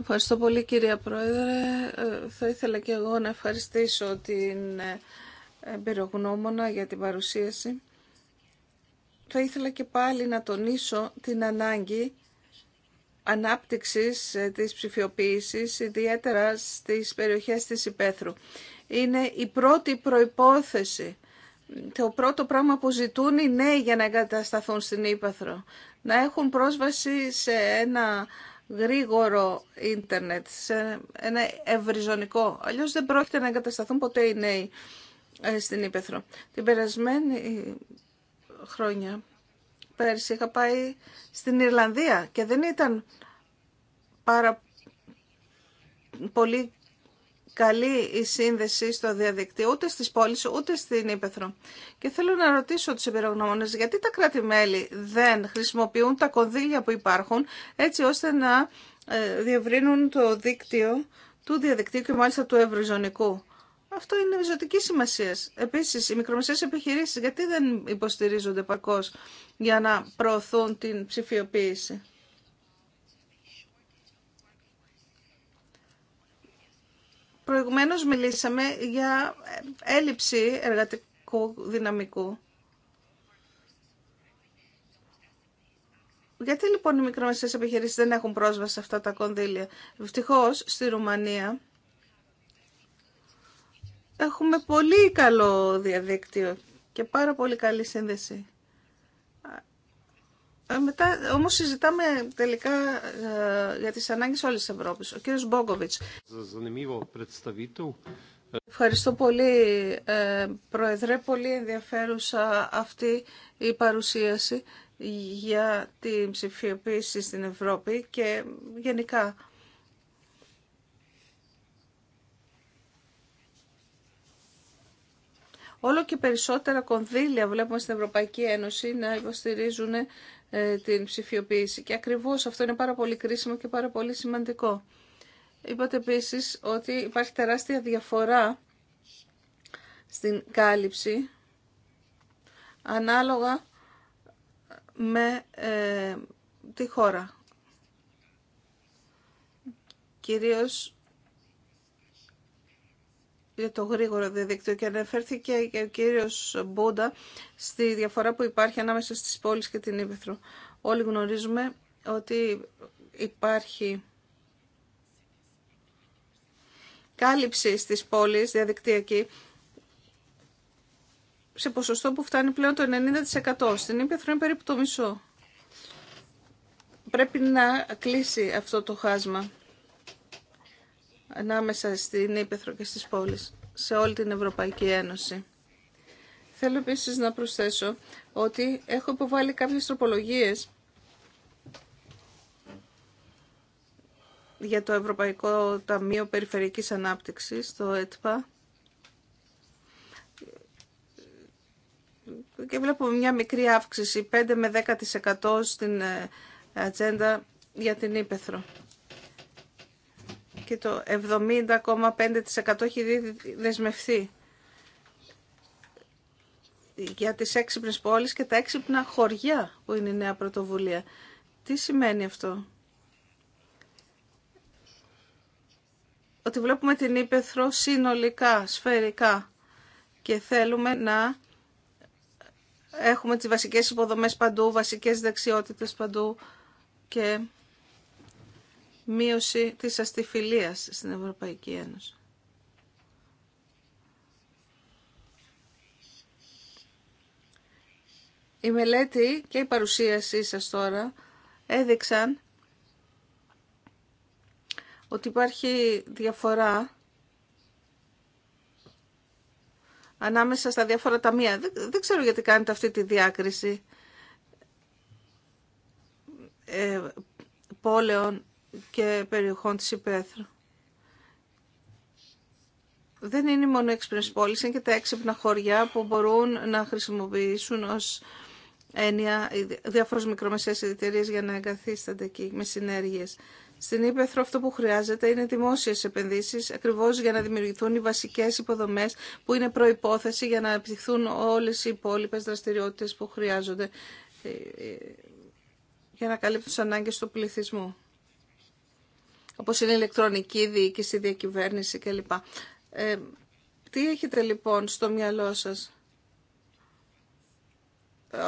Ευχαριστώ πολύ κυρία Πρόεδρε. Ε, θα ήθελα και εγώ να ευχαριστήσω την ε, εμπειρογνώμονα για την παρουσίαση. Θα ήθελα και πάλι να τονίσω την ανάγκη ανάπτυξης ε, της ψηφιοποίησης, ιδιαίτερα στις περιοχές της Υπέθρου. Είναι η πρώτη προϋπόθεση, το πρώτο πράγμα που ζητούν οι νέοι για να εγκατασταθούν στην Υπέθρο. Να έχουν πρόσβαση σε ένα γρήγορο ίντερνετ, σε ένα ευρυζωνικό. Αλλιώς δεν πρόκειται να εγκατασταθούν ποτέ οι νέοι ε, στην Ήπεθρο. Την περασμένη χρόνια, πέρσι, είχα πάει στην Ιρλανδία και δεν ήταν πάρα πολύ καλή η σύνδεση στο διαδικτύο ούτε στις πόλεις ούτε στην Ήπεθρο. Και θέλω να ρωτήσω τους εμπειρογνώμονες γιατί τα κράτη-μέλη δεν χρησιμοποιούν τα κονδύλια που υπάρχουν έτσι ώστε να ε, διευρύνουν το δίκτυο του διαδικτύου και μάλιστα του ευρυζωνικού. Αυτό είναι ζωτική σημασία. Επίση, οι μικρομεσαίε επιχειρήσει γιατί δεν υποστηρίζονται παρκώ για να προωθούν την ψηφιοποίηση. Προηγουμένως μιλήσαμε για έλλειψη εργατικού δυναμικού. Γιατί λοιπόν οι μικρομεσαίες επιχειρήσεις δεν έχουν πρόσβαση σε αυτά τα κονδύλια. Ευτυχώς στη Ρουμανία έχουμε πολύ καλό διαδίκτυο και πάρα πολύ καλή σύνδεση. Ε, μετά όμως συζητάμε τελικά ε, για τις ανάγκες όλης της Ευρώπης. Ο κύριος Μπόγκοβιτς. Ευχαριστώ πολύ, ε, Πρόεδρε. Πολύ ενδιαφέρουσα αυτή η παρουσίαση για την ψηφιοποίηση στην Ευρώπη και γενικά. Όλο και περισσότερα κονδύλια βλέπουμε στην Ευρωπαϊκή Ένωση να υποστηρίζουν ε, την ψηφιοποίηση. Και ακριβώς αυτό είναι πάρα πολύ κρίσιμο και πάρα πολύ σημαντικό. Είπατε επίσης ότι υπάρχει τεράστια διαφορά στην κάλυψη ανάλογα με ε, τη χώρα. Κυρίως για το γρήγορο διαδίκτυο και αναφέρθηκε και ο κύριος Μπούντα στη διαφορά που υπάρχει ανάμεσα στις πόλεις και την Ήπεθρο. Όλοι γνωρίζουμε ότι υπάρχει κάλυψη στις πόλεις διαδικτυακή σε ποσοστό που φτάνει πλέον το 90%. Στην Ήπεθρο είναι περίπου το μισό. Πρέπει να κλείσει αυτό το χάσμα ανάμεσα στην Ήπεθρο και στις πόλεις σε όλη την Ευρωπαϊκή Ένωση. Θέλω επίσης να προσθέσω ότι έχω υποβάλει κάποιες τροπολογίες για το Ευρωπαϊκό Ταμείο Περιφερειακής Ανάπτυξης, το ΕΤΠΑ. Και βλέπω μια μικρή αύξηση, 5 με 10% στην ε, ατζέντα για την Ήπεθρο και το 70,5% έχει δεσμευθεί για τις έξυπνες πόλεις και τα έξυπνα χωριά που είναι η νέα πρωτοβουλία. Τι σημαίνει αυτό. Ότι βλέπουμε την Ήπεθρο συνολικά, σφαιρικά και θέλουμε να έχουμε τις βασικές υποδομές παντού, βασικές δεξιότητες παντού και μείωση της αστιφιλίας στην Ευρωπαϊκή Ένωση. Η μελέτη και η παρουσίασή σας τώρα έδειξαν ότι υπάρχει διαφορά ανάμεσα στα διάφορα ταμεία. Δεν, ξέρω γιατί κάνετε αυτή τη διάκριση ε, πόλεων και περιοχών της Υπέθρου Δεν είναι μόνο έξυπνες πόλεις, είναι και τα έξυπνα χωριά που μπορούν να χρησιμοποιήσουν ως έννοια διάφορες μικρομεσαίες εταιρείε για να εγκαθίστανται εκεί με συνέργειες. Στην Ήπεθρο αυτό που χρειάζεται είναι δημόσιες επενδύσεις, ακριβώς για να δημιουργηθούν οι βασικές υποδομές που είναι προϋπόθεση για να επιτυχθούν όλες οι υπόλοιπε δραστηριότητες που χρειάζονται ε, ε, για να καλύπτουν τις ανάγκες του πληθυσμού όπως είναι η ηλεκτρονική διοίκηση, διακυβέρνηση κλπ. Ε, τι έχετε λοιπόν στο μυαλό σας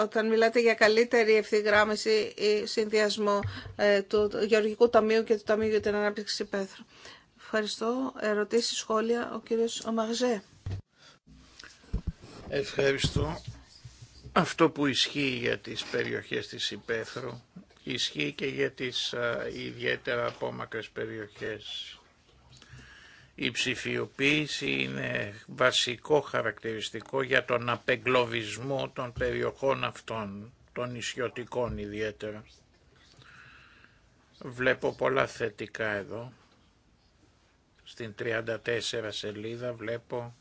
όταν μιλάτε για καλύτερη ευθυγράμμιση ή συνδυασμό ε, του Γεωργικού Ταμείου και του Ταμείου για την Ανάπτυξη Πέθρου. Ευχαριστώ. Ερωτήσει σχόλια, ο κύριος Ομαγζέ. Ευχαριστώ. Αυτό που ισχύει για τις περιοχές της Υπέθρου Ισχύει και για τις ιδιαίτερα απόμακρες περιοχές. Η ψηφιοποίηση είναι βασικό χαρακτηριστικό για τον απεγκλωβισμό των περιοχών αυτών, των νησιωτικών ιδιαίτερα. Βλέπω πολλά θετικά εδώ. Στην 34 σελίδα βλέπω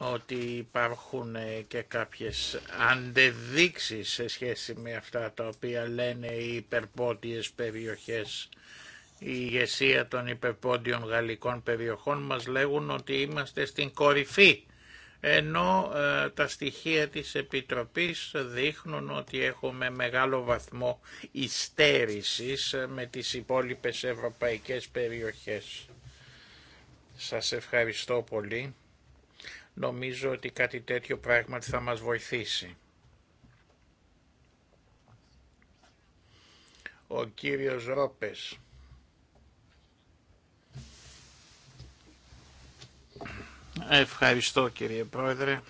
ότι υπάρχουν ε, και κάποιες αντεδείξεις σε σχέση με αυτά τα οποία λένε οι υπερπότιες περιοχές. Η ηγεσία των υπερπόντιων γαλλικών περιοχών μας λέγουν ότι είμαστε στην κορυφή, ενώ ε, τα στοιχεία της Επιτροπής δείχνουν ότι έχουμε μεγάλο βαθμό ιστέρησης ε, με τις υπόλοιπες ευρωπαϊκές περιοχές. Σας ευχαριστώ πολύ. Νομίζω ότι κάτι τέτοιο πράγματι θα μας βοηθήσει. Ο κύριος Ρόπες. Ευχαριστώ κύριε Πρόεδρε.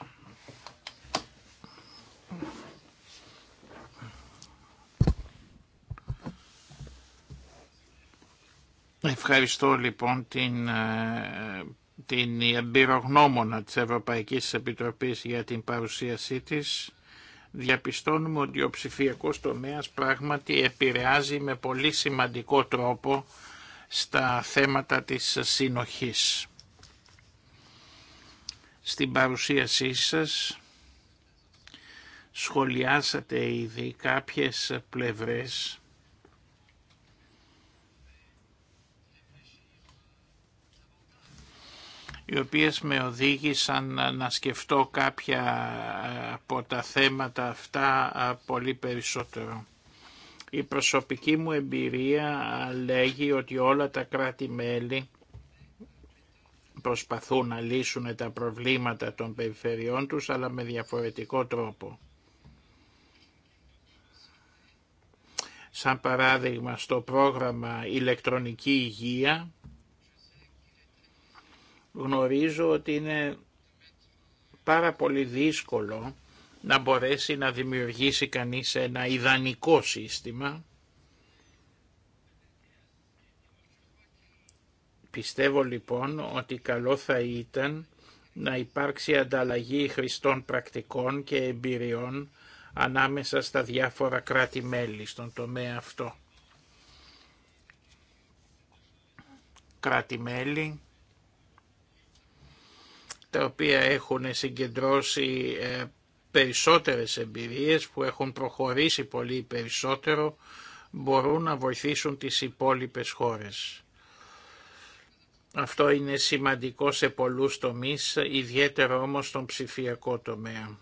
Ευχαριστώ λοιπόν την ε, την εμπειρογνώμονα της Ευρωπαϊκής Επιτροπής για την παρουσίασή της, διαπιστώνουμε ότι ο ψηφιακός τομέας πράγματι επηρεάζει με πολύ σημαντικό τρόπο στα θέματα της συνοχής. Στην παρουσίασή σας σχολιάσατε ήδη κάποιες πλευρές οι οποίες με οδήγησαν να σκεφτώ κάποια ε, από τα θέματα αυτά ε, πολύ περισσότερο. Η προσωπική μου εμπειρία ε, λέγει ότι όλα τα κράτη-μέλη προσπαθούν να λύσουν τα προβλήματα των περιφερειών τους, αλλά με διαφορετικό τρόπο. Σαν παράδειγμα στο πρόγραμμα ηλεκτρονική υγεία, γνωρίζω ότι είναι πάρα πολύ δύσκολο να μπορέσει να δημιουργήσει κανείς ένα ιδανικό σύστημα. Πιστεύω λοιπόν ότι καλό θα ήταν να υπάρξει ανταλλαγή χρηστών πρακτικών και εμπειριών ανάμεσα στα διάφορα κράτη-μέλη στον τομέα αυτό τα οποία έχουν συγκεντρώσει ε, περισσότερες εμπειρίες, που έχουν προχωρήσει πολύ περισσότερο, μπορούν να βοηθήσουν τις υπόλοιπες χώρες. Αυτό είναι σημαντικό σε πολλούς τομείς, ιδιαίτερα όμως στον ψηφιακό τομέα.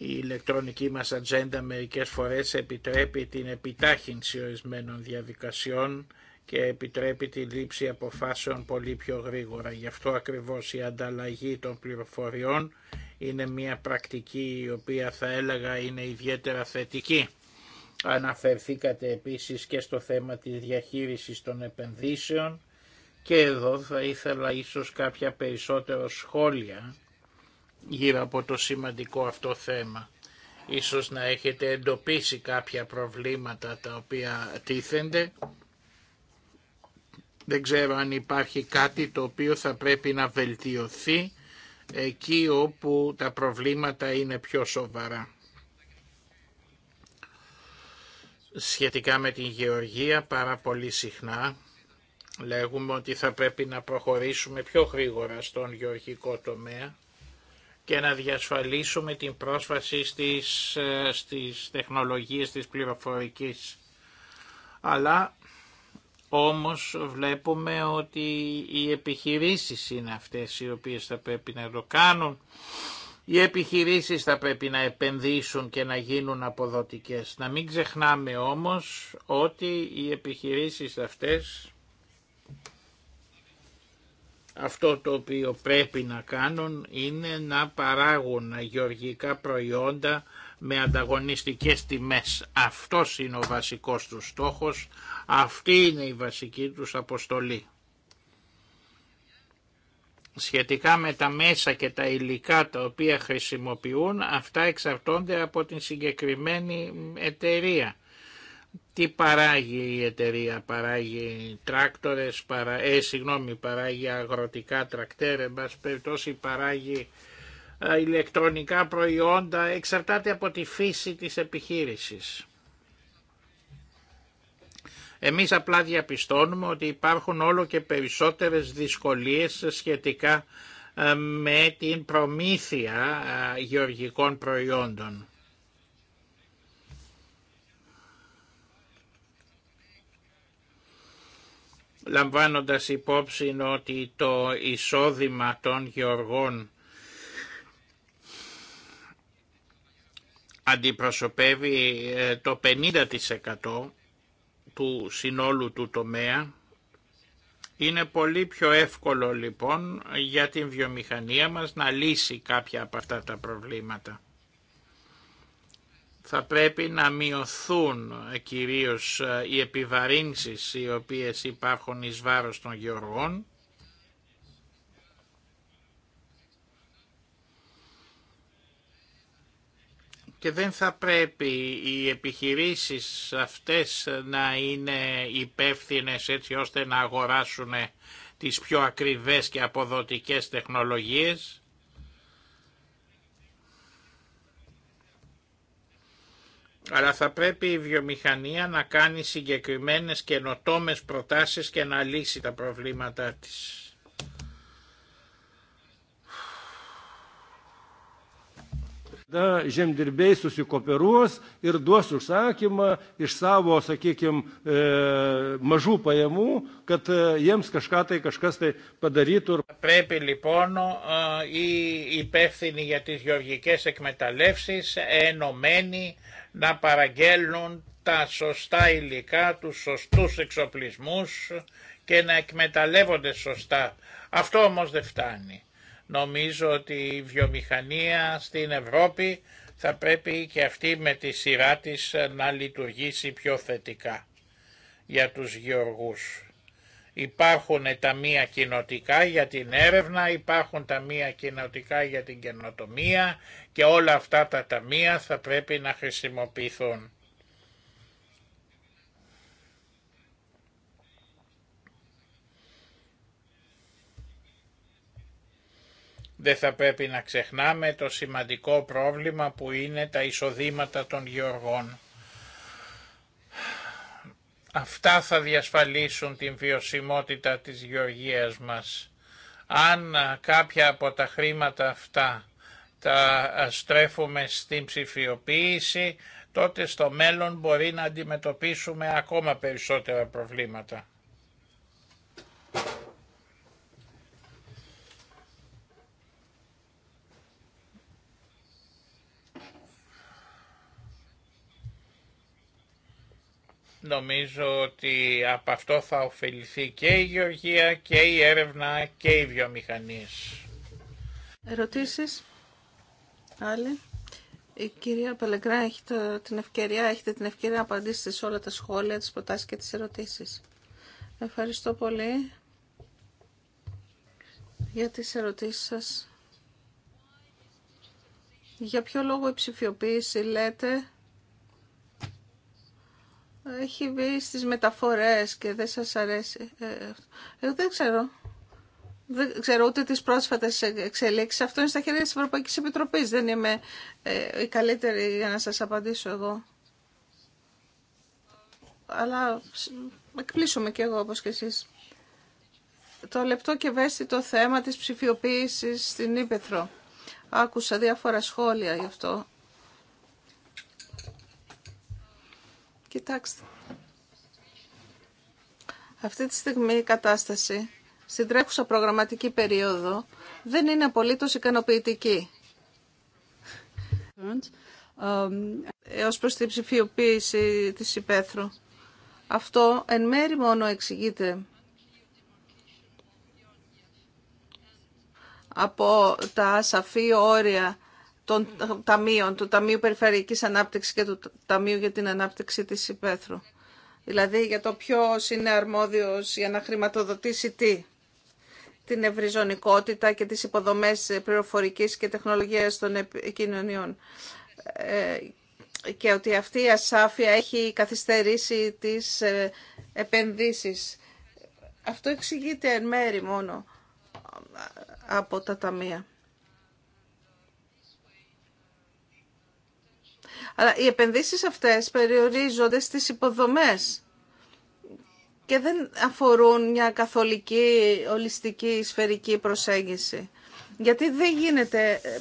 η ηλεκτρονική μας ατζέντα μερικές φορές επιτρέπει την επιτάχυνση ορισμένων διαδικασιών και επιτρέπει τη λήψη αποφάσεων πολύ πιο γρήγορα. Γι' αυτό ακριβώς η ανταλλαγή των πληροφοριών είναι μια πρακτική η οποία θα έλεγα είναι ιδιαίτερα θετική. Αναφερθήκατε επίσης και στο θέμα της διαχείρισης των επενδύσεων και εδώ θα ήθελα ίσως κάποια περισσότερο σχόλια γύρω από το σημαντικό αυτό θέμα. Ίσως να έχετε εντοπίσει κάποια προβλήματα τα οποία τίθενται. Δεν ξέρω αν υπάρχει κάτι το οποίο θα πρέπει να βελτιωθεί εκεί όπου τα προβλήματα είναι πιο σοβαρά. Σχετικά με την γεωργία πάρα πολύ συχνά λέγουμε ότι θα πρέπει να προχωρήσουμε πιο γρήγορα στον γεωργικό τομέα και να διασφαλίσουμε την πρόσβαση στις, ε, στις τεχνολογίες της πληροφορικής. Αλλά όμως βλέπουμε ότι οι επιχειρήσεις είναι αυτές οι οποίες θα πρέπει να το κάνουν. Οι επιχειρήσεις θα πρέπει να επενδύσουν και να γίνουν αποδοτικές. Να μην ξεχνάμε όμως ότι οι επιχειρήσεις αυτές αυτό το οποίο πρέπει να κάνουν είναι να παράγουν γεωργικά προϊόντα με ανταγωνιστικές τιμές. Αυτός είναι ο βασικός τους στόχος, αυτή είναι η βασική τους αποστολή. Σχετικά με τα μέσα και τα υλικά τα οποία χρησιμοποιούν, αυτά εξαρτώνται από την συγκεκριμένη εταιρεία. Τι παράγει η εταιρεία, παράγει τράκτορες, παρά, ε, παράγει αγροτικά τρακτέρ, εν πάση περιπτώσει παράγει ε, ηλεκτρονικά προϊόντα, εξαρτάται από τη φύση της επιχείρησης. Εμείς απλά διαπιστώνουμε ότι υπάρχουν όλο και περισσότερες δυσκολίες σχετικά ε, με την προμήθεια γεωργικών προϊόντων. λαμβάνοντας υπόψη ότι το εισόδημα των γεωργών αντιπροσωπεύει ε, το 50% του συνόλου του τομέα. Είναι πολύ πιο εύκολο λοιπόν για την βιομηχανία μας να λύσει κάποια από αυτά τα προβλήματα θα πρέπει να μειωθούν ε, κυρίως ε, οι επιβαρύνσεις οι οποίες υπάρχουν εις βάρος των γεωργών. Και δεν θα πρέπει οι επιχειρήσεις αυτές να είναι υπεύθυνες έτσι ώστε να αγοράσουν τις πιο ακριβές και αποδοτικές τεχνολογίες. αλλά θα πρέπει η βιομηχανία να κάνει συγκεκριμένες καινοτόμες προτάσεις και να λύσει τα προβλήματά της. Πρέπει λοιπόν ε, οι υπεύθυνοι για τις γεωργικές εκμεταλλεύσεις ενωμένοι να παραγγέλνουν τα σωστά υλικά, τους σωστούς εξοπλισμούς και να εκμεταλλεύονται σωστά. Αυτό όμως δεν φτάνει. Νομίζω ότι η βιομηχανία στην Ευρώπη θα πρέπει και αυτή με τη σειρά της να λειτουργήσει πιο θετικά για τους γεωργούς. Υπάρχουν ταμεία κοινοτικά για την έρευνα, υπάρχουν ταμεία κοινοτικά για την καινοτομία και όλα αυτά τα ταμεία θα πρέπει να χρησιμοποιηθούν. Δεν θα πρέπει να ξεχνάμε το σημαντικό πρόβλημα που είναι τα εισοδήματα των γεωργών. Αυτά θα διασφαλίσουν την βιωσιμότητα της γεωργίας μας. Αν κάποια από τα χρήματα αυτά τα στρέφουμε στην ψηφιοποίηση, τότε στο μέλλον μπορεί να αντιμετωπίσουμε ακόμα περισσότερα προβλήματα. Νομίζω ότι από αυτό θα ωφεληθεί και η γεωργία και η έρευνα και οι βιομηχανίες. Ερωτήσεις. Άλλη. Η κυρία Πελεγκρά έχει την ευκαιρία, έχετε την ευκαιρία να απαντήσετε σε όλα τα σχόλια, τις προτάσεις και τις ερωτήσεις. Ευχαριστώ πολύ για τις ερωτήσεις σας. Για ποιο λόγο η ψηφιοποίηση λέτε έχει μπει στις μεταφορές και δεν σας αρέσει. Εγώ ε, ε, δεν ξέρω. Δεν ξέρω ούτε τις πρόσφατες εξελίξεις. Αυτό είναι στα χέρια της Ευρωπαϊκής Επιτροπής. Δεν είμαι ε, η καλύτερη για να σας απαντήσω εγώ. Αλλά εκπλήσουμε κι εγώ όπως κι εσείς. Το λεπτό και ευαίσθητο θέμα της ψηφιοποίησης στην Ήπεθρο. Άκουσα διάφορα σχόλια γι' αυτό Κοιτάξτε. Αυτή τη στιγμή η κατάσταση στην τρέχουσα προγραμματική περίοδο δεν είναι απολύτως ικανοποιητική. έως ε, προς την ψηφιοποίηση της υπαίθρου. Αυτό εν μέρη μόνο εξηγείται από τα ασαφή όρια των ταμείων, του Ταμείου Περιφερειακής Ανάπτυξης και του Ταμείου για την Ανάπτυξη της Υπέθρου. Δηλαδή για το ποιο είναι αρμόδιος για να χρηματοδοτήσει τι. Την ευρυζωνικότητα και τις υποδομές πληροφορικής και τεχνολογίας των κοινωνιών. Ε, και ότι αυτή η ασάφεια έχει καθυστερήσει τις ε, επενδύσεις. Αυτό εξηγείται εν μέρη μόνο από τα ταμεία. Αλλά οι επενδύσεις αυτές περιορίζονται στις υποδομές και δεν αφορούν μια καθολική, ολιστική, σφαιρική προσέγγιση. Γιατί δεν γίνεται, ε,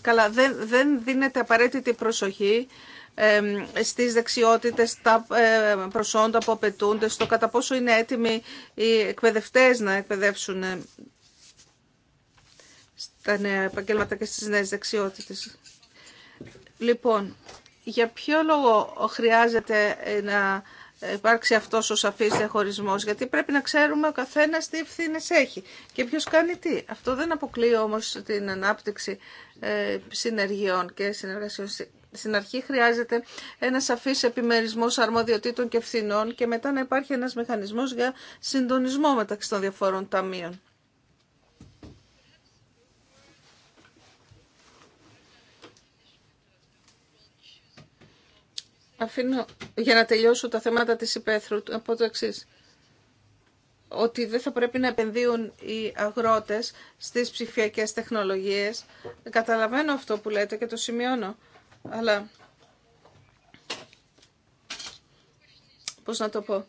καλά, δεν, δεν δίνεται απαραίτητη προσοχή στις δεξιότητες, τα ε, προσόντα που απαιτούνται, στο κατά πόσο είναι έτοιμοι οι εκπαιδευτές να εκπαιδεύσουν ε, στα νέα επαγγέλματα και στις νέες δεξιότητες. Λοιπόν, για ποιο λόγο χρειάζεται να υπάρξει αυτός ο σαφής διαχωρισμός, γιατί πρέπει να ξέρουμε ο καθένας τι ευθύνε έχει και ποιος κάνει τι. Αυτό δεν αποκλείει όμως την ανάπτυξη ε, συνεργειών και συνεργασιών. Στην αρχή χρειάζεται ένα σαφής επιμερισμός αρμοδιοτήτων και ευθυνών και μετά να υπάρχει ένας μηχανισμό για συντονισμό μεταξύ των διαφόρων ταμείων. Αφήνω για να τελειώσω τα θέματα της υπαίθρου από το Ότι δεν θα πρέπει να επενδύουν οι αγρότες στις ψηφιακές τεχνολογίες. Καταλαβαίνω αυτό που λέτε και το σημειώνω. Αλλά πώς να το πω.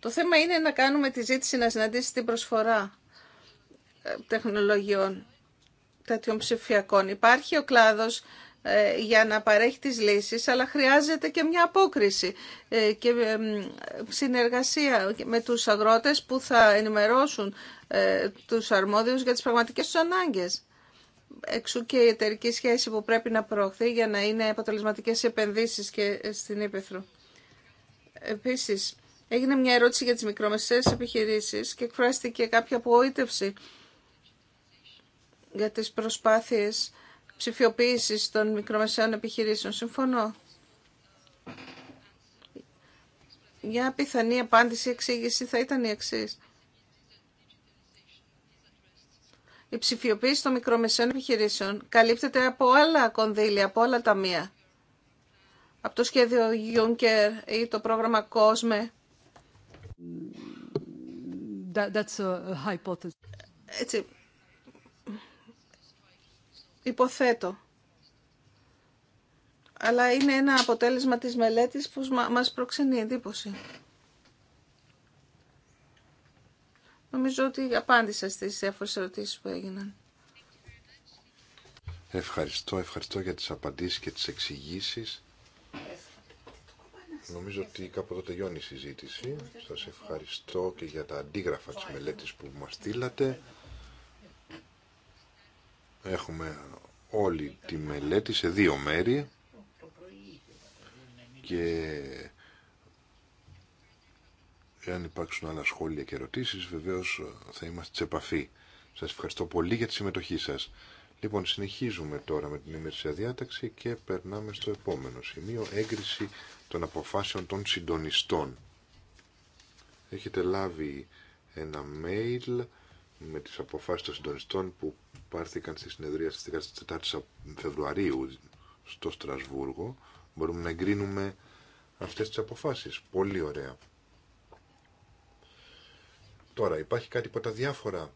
Το θέμα είναι να κάνουμε τη ζήτηση να συναντήσει την προσφορά ε, τεχνολογιών τέτοιων ψηφιακών. Υπάρχει ο κλάδος ε, για να παρέχει τις λύσεις, αλλά χρειάζεται και μια απόκριση ε, και ε, συνεργασία με τους αγρότες που θα ενημερώσουν τους αρμόδιους για τις πραγματικές τους ανάγκες. Εξού και η εταιρική σχέση που πρέπει να προωθεί για να είναι αποτελεσματικές επενδύσεις και στην Ήπεθρο. Επίσης, έγινε μια ερώτηση για τις μικρομεσαίες επιχειρήσεις και εκφράστηκε κάποια απογοήτευση για τις προσπάθειες ψηφιοποίησης των μικρομεσαίων επιχειρήσεων. Συμφωνώ. Μια πιθανή απάντηση εξήγηση θα ήταν η εξή. Η ψηφιοποίηση των μικρομεσαίων επιχειρήσεων καλύπτεται από άλλα κονδύλια, από τα ταμεία. Από το σχέδιο Juncker ή το πρόγραμμα COSME. that's a hypothesis υποθέτω. Αλλά είναι ένα αποτέλεσμα της μελέτης που μας προξενεί εντύπωση. Νομίζω ότι απάντησα στις διάφορες ερωτήσεις που έγιναν. Ευχαριστώ, ευχαριστώ για τις απαντήσεις και τις εξηγήσεις. Νομίζω ότι κάπου εδώ τελειώνει η συζήτηση. Σας ευχαριστώ και για τα αντίγραφα της μελέτης που μας στείλατε. Έχουμε όλη τη μελέτη σε δύο μέρη και εάν υπάρξουν άλλα σχόλια και ερωτήσεις βεβαίως ε, θα είμαστε σε επαφή. Σας ευχαριστώ πολύ για τη συμμετοχή σας. Λοιπόν, συνεχίζουμε τώρα με την ημερησία διάταξη και περνάμε στο επόμενο σημείο, έγκριση των αποφάσεων των συντονιστών. Έχετε λάβει ένα mail με τις αποφάσεις των συντονιστών που πάρθηκαν στη συνεδρία στις 14 Φεβρουαρίου στο Στρασβούργο μπορούμε να εγκρίνουμε αυτές τις αποφάσεις. Πολύ ωραία. Τώρα υπάρχει κάτι από τα διάφορα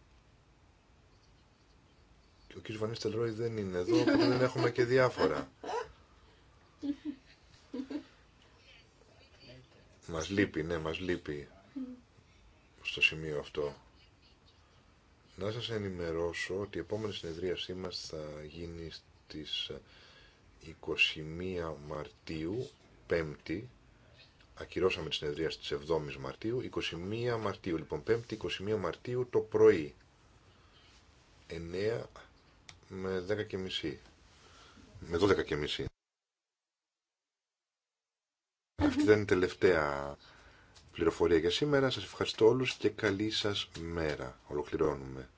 και ο κ. Βανίστελ Ρόι δεν είναι εδώ, δεν έχουμε και διάφορα. Μας λείπει, ναι, μας λείπει στο σημείο αυτό να σας ενημερώσω ότι η επόμενη συνεδρίασή μας θα γίνει στις 21 ε, Μαρτίου, 5η, ακυρώσαμε τη συνεδρία στις 7 Μαρτίου, 21 Μαρτίου, λοιπόν 5η, 21 Μαρτίου το πρωί, 9 με 10 και μισή, με 12 και μισή. Αυτή ήταν η τελευταία πληροφορία για σήμερα. Σας ευχαριστώ όλους και καλή σας μέρα. Ολοκληρώνουμε.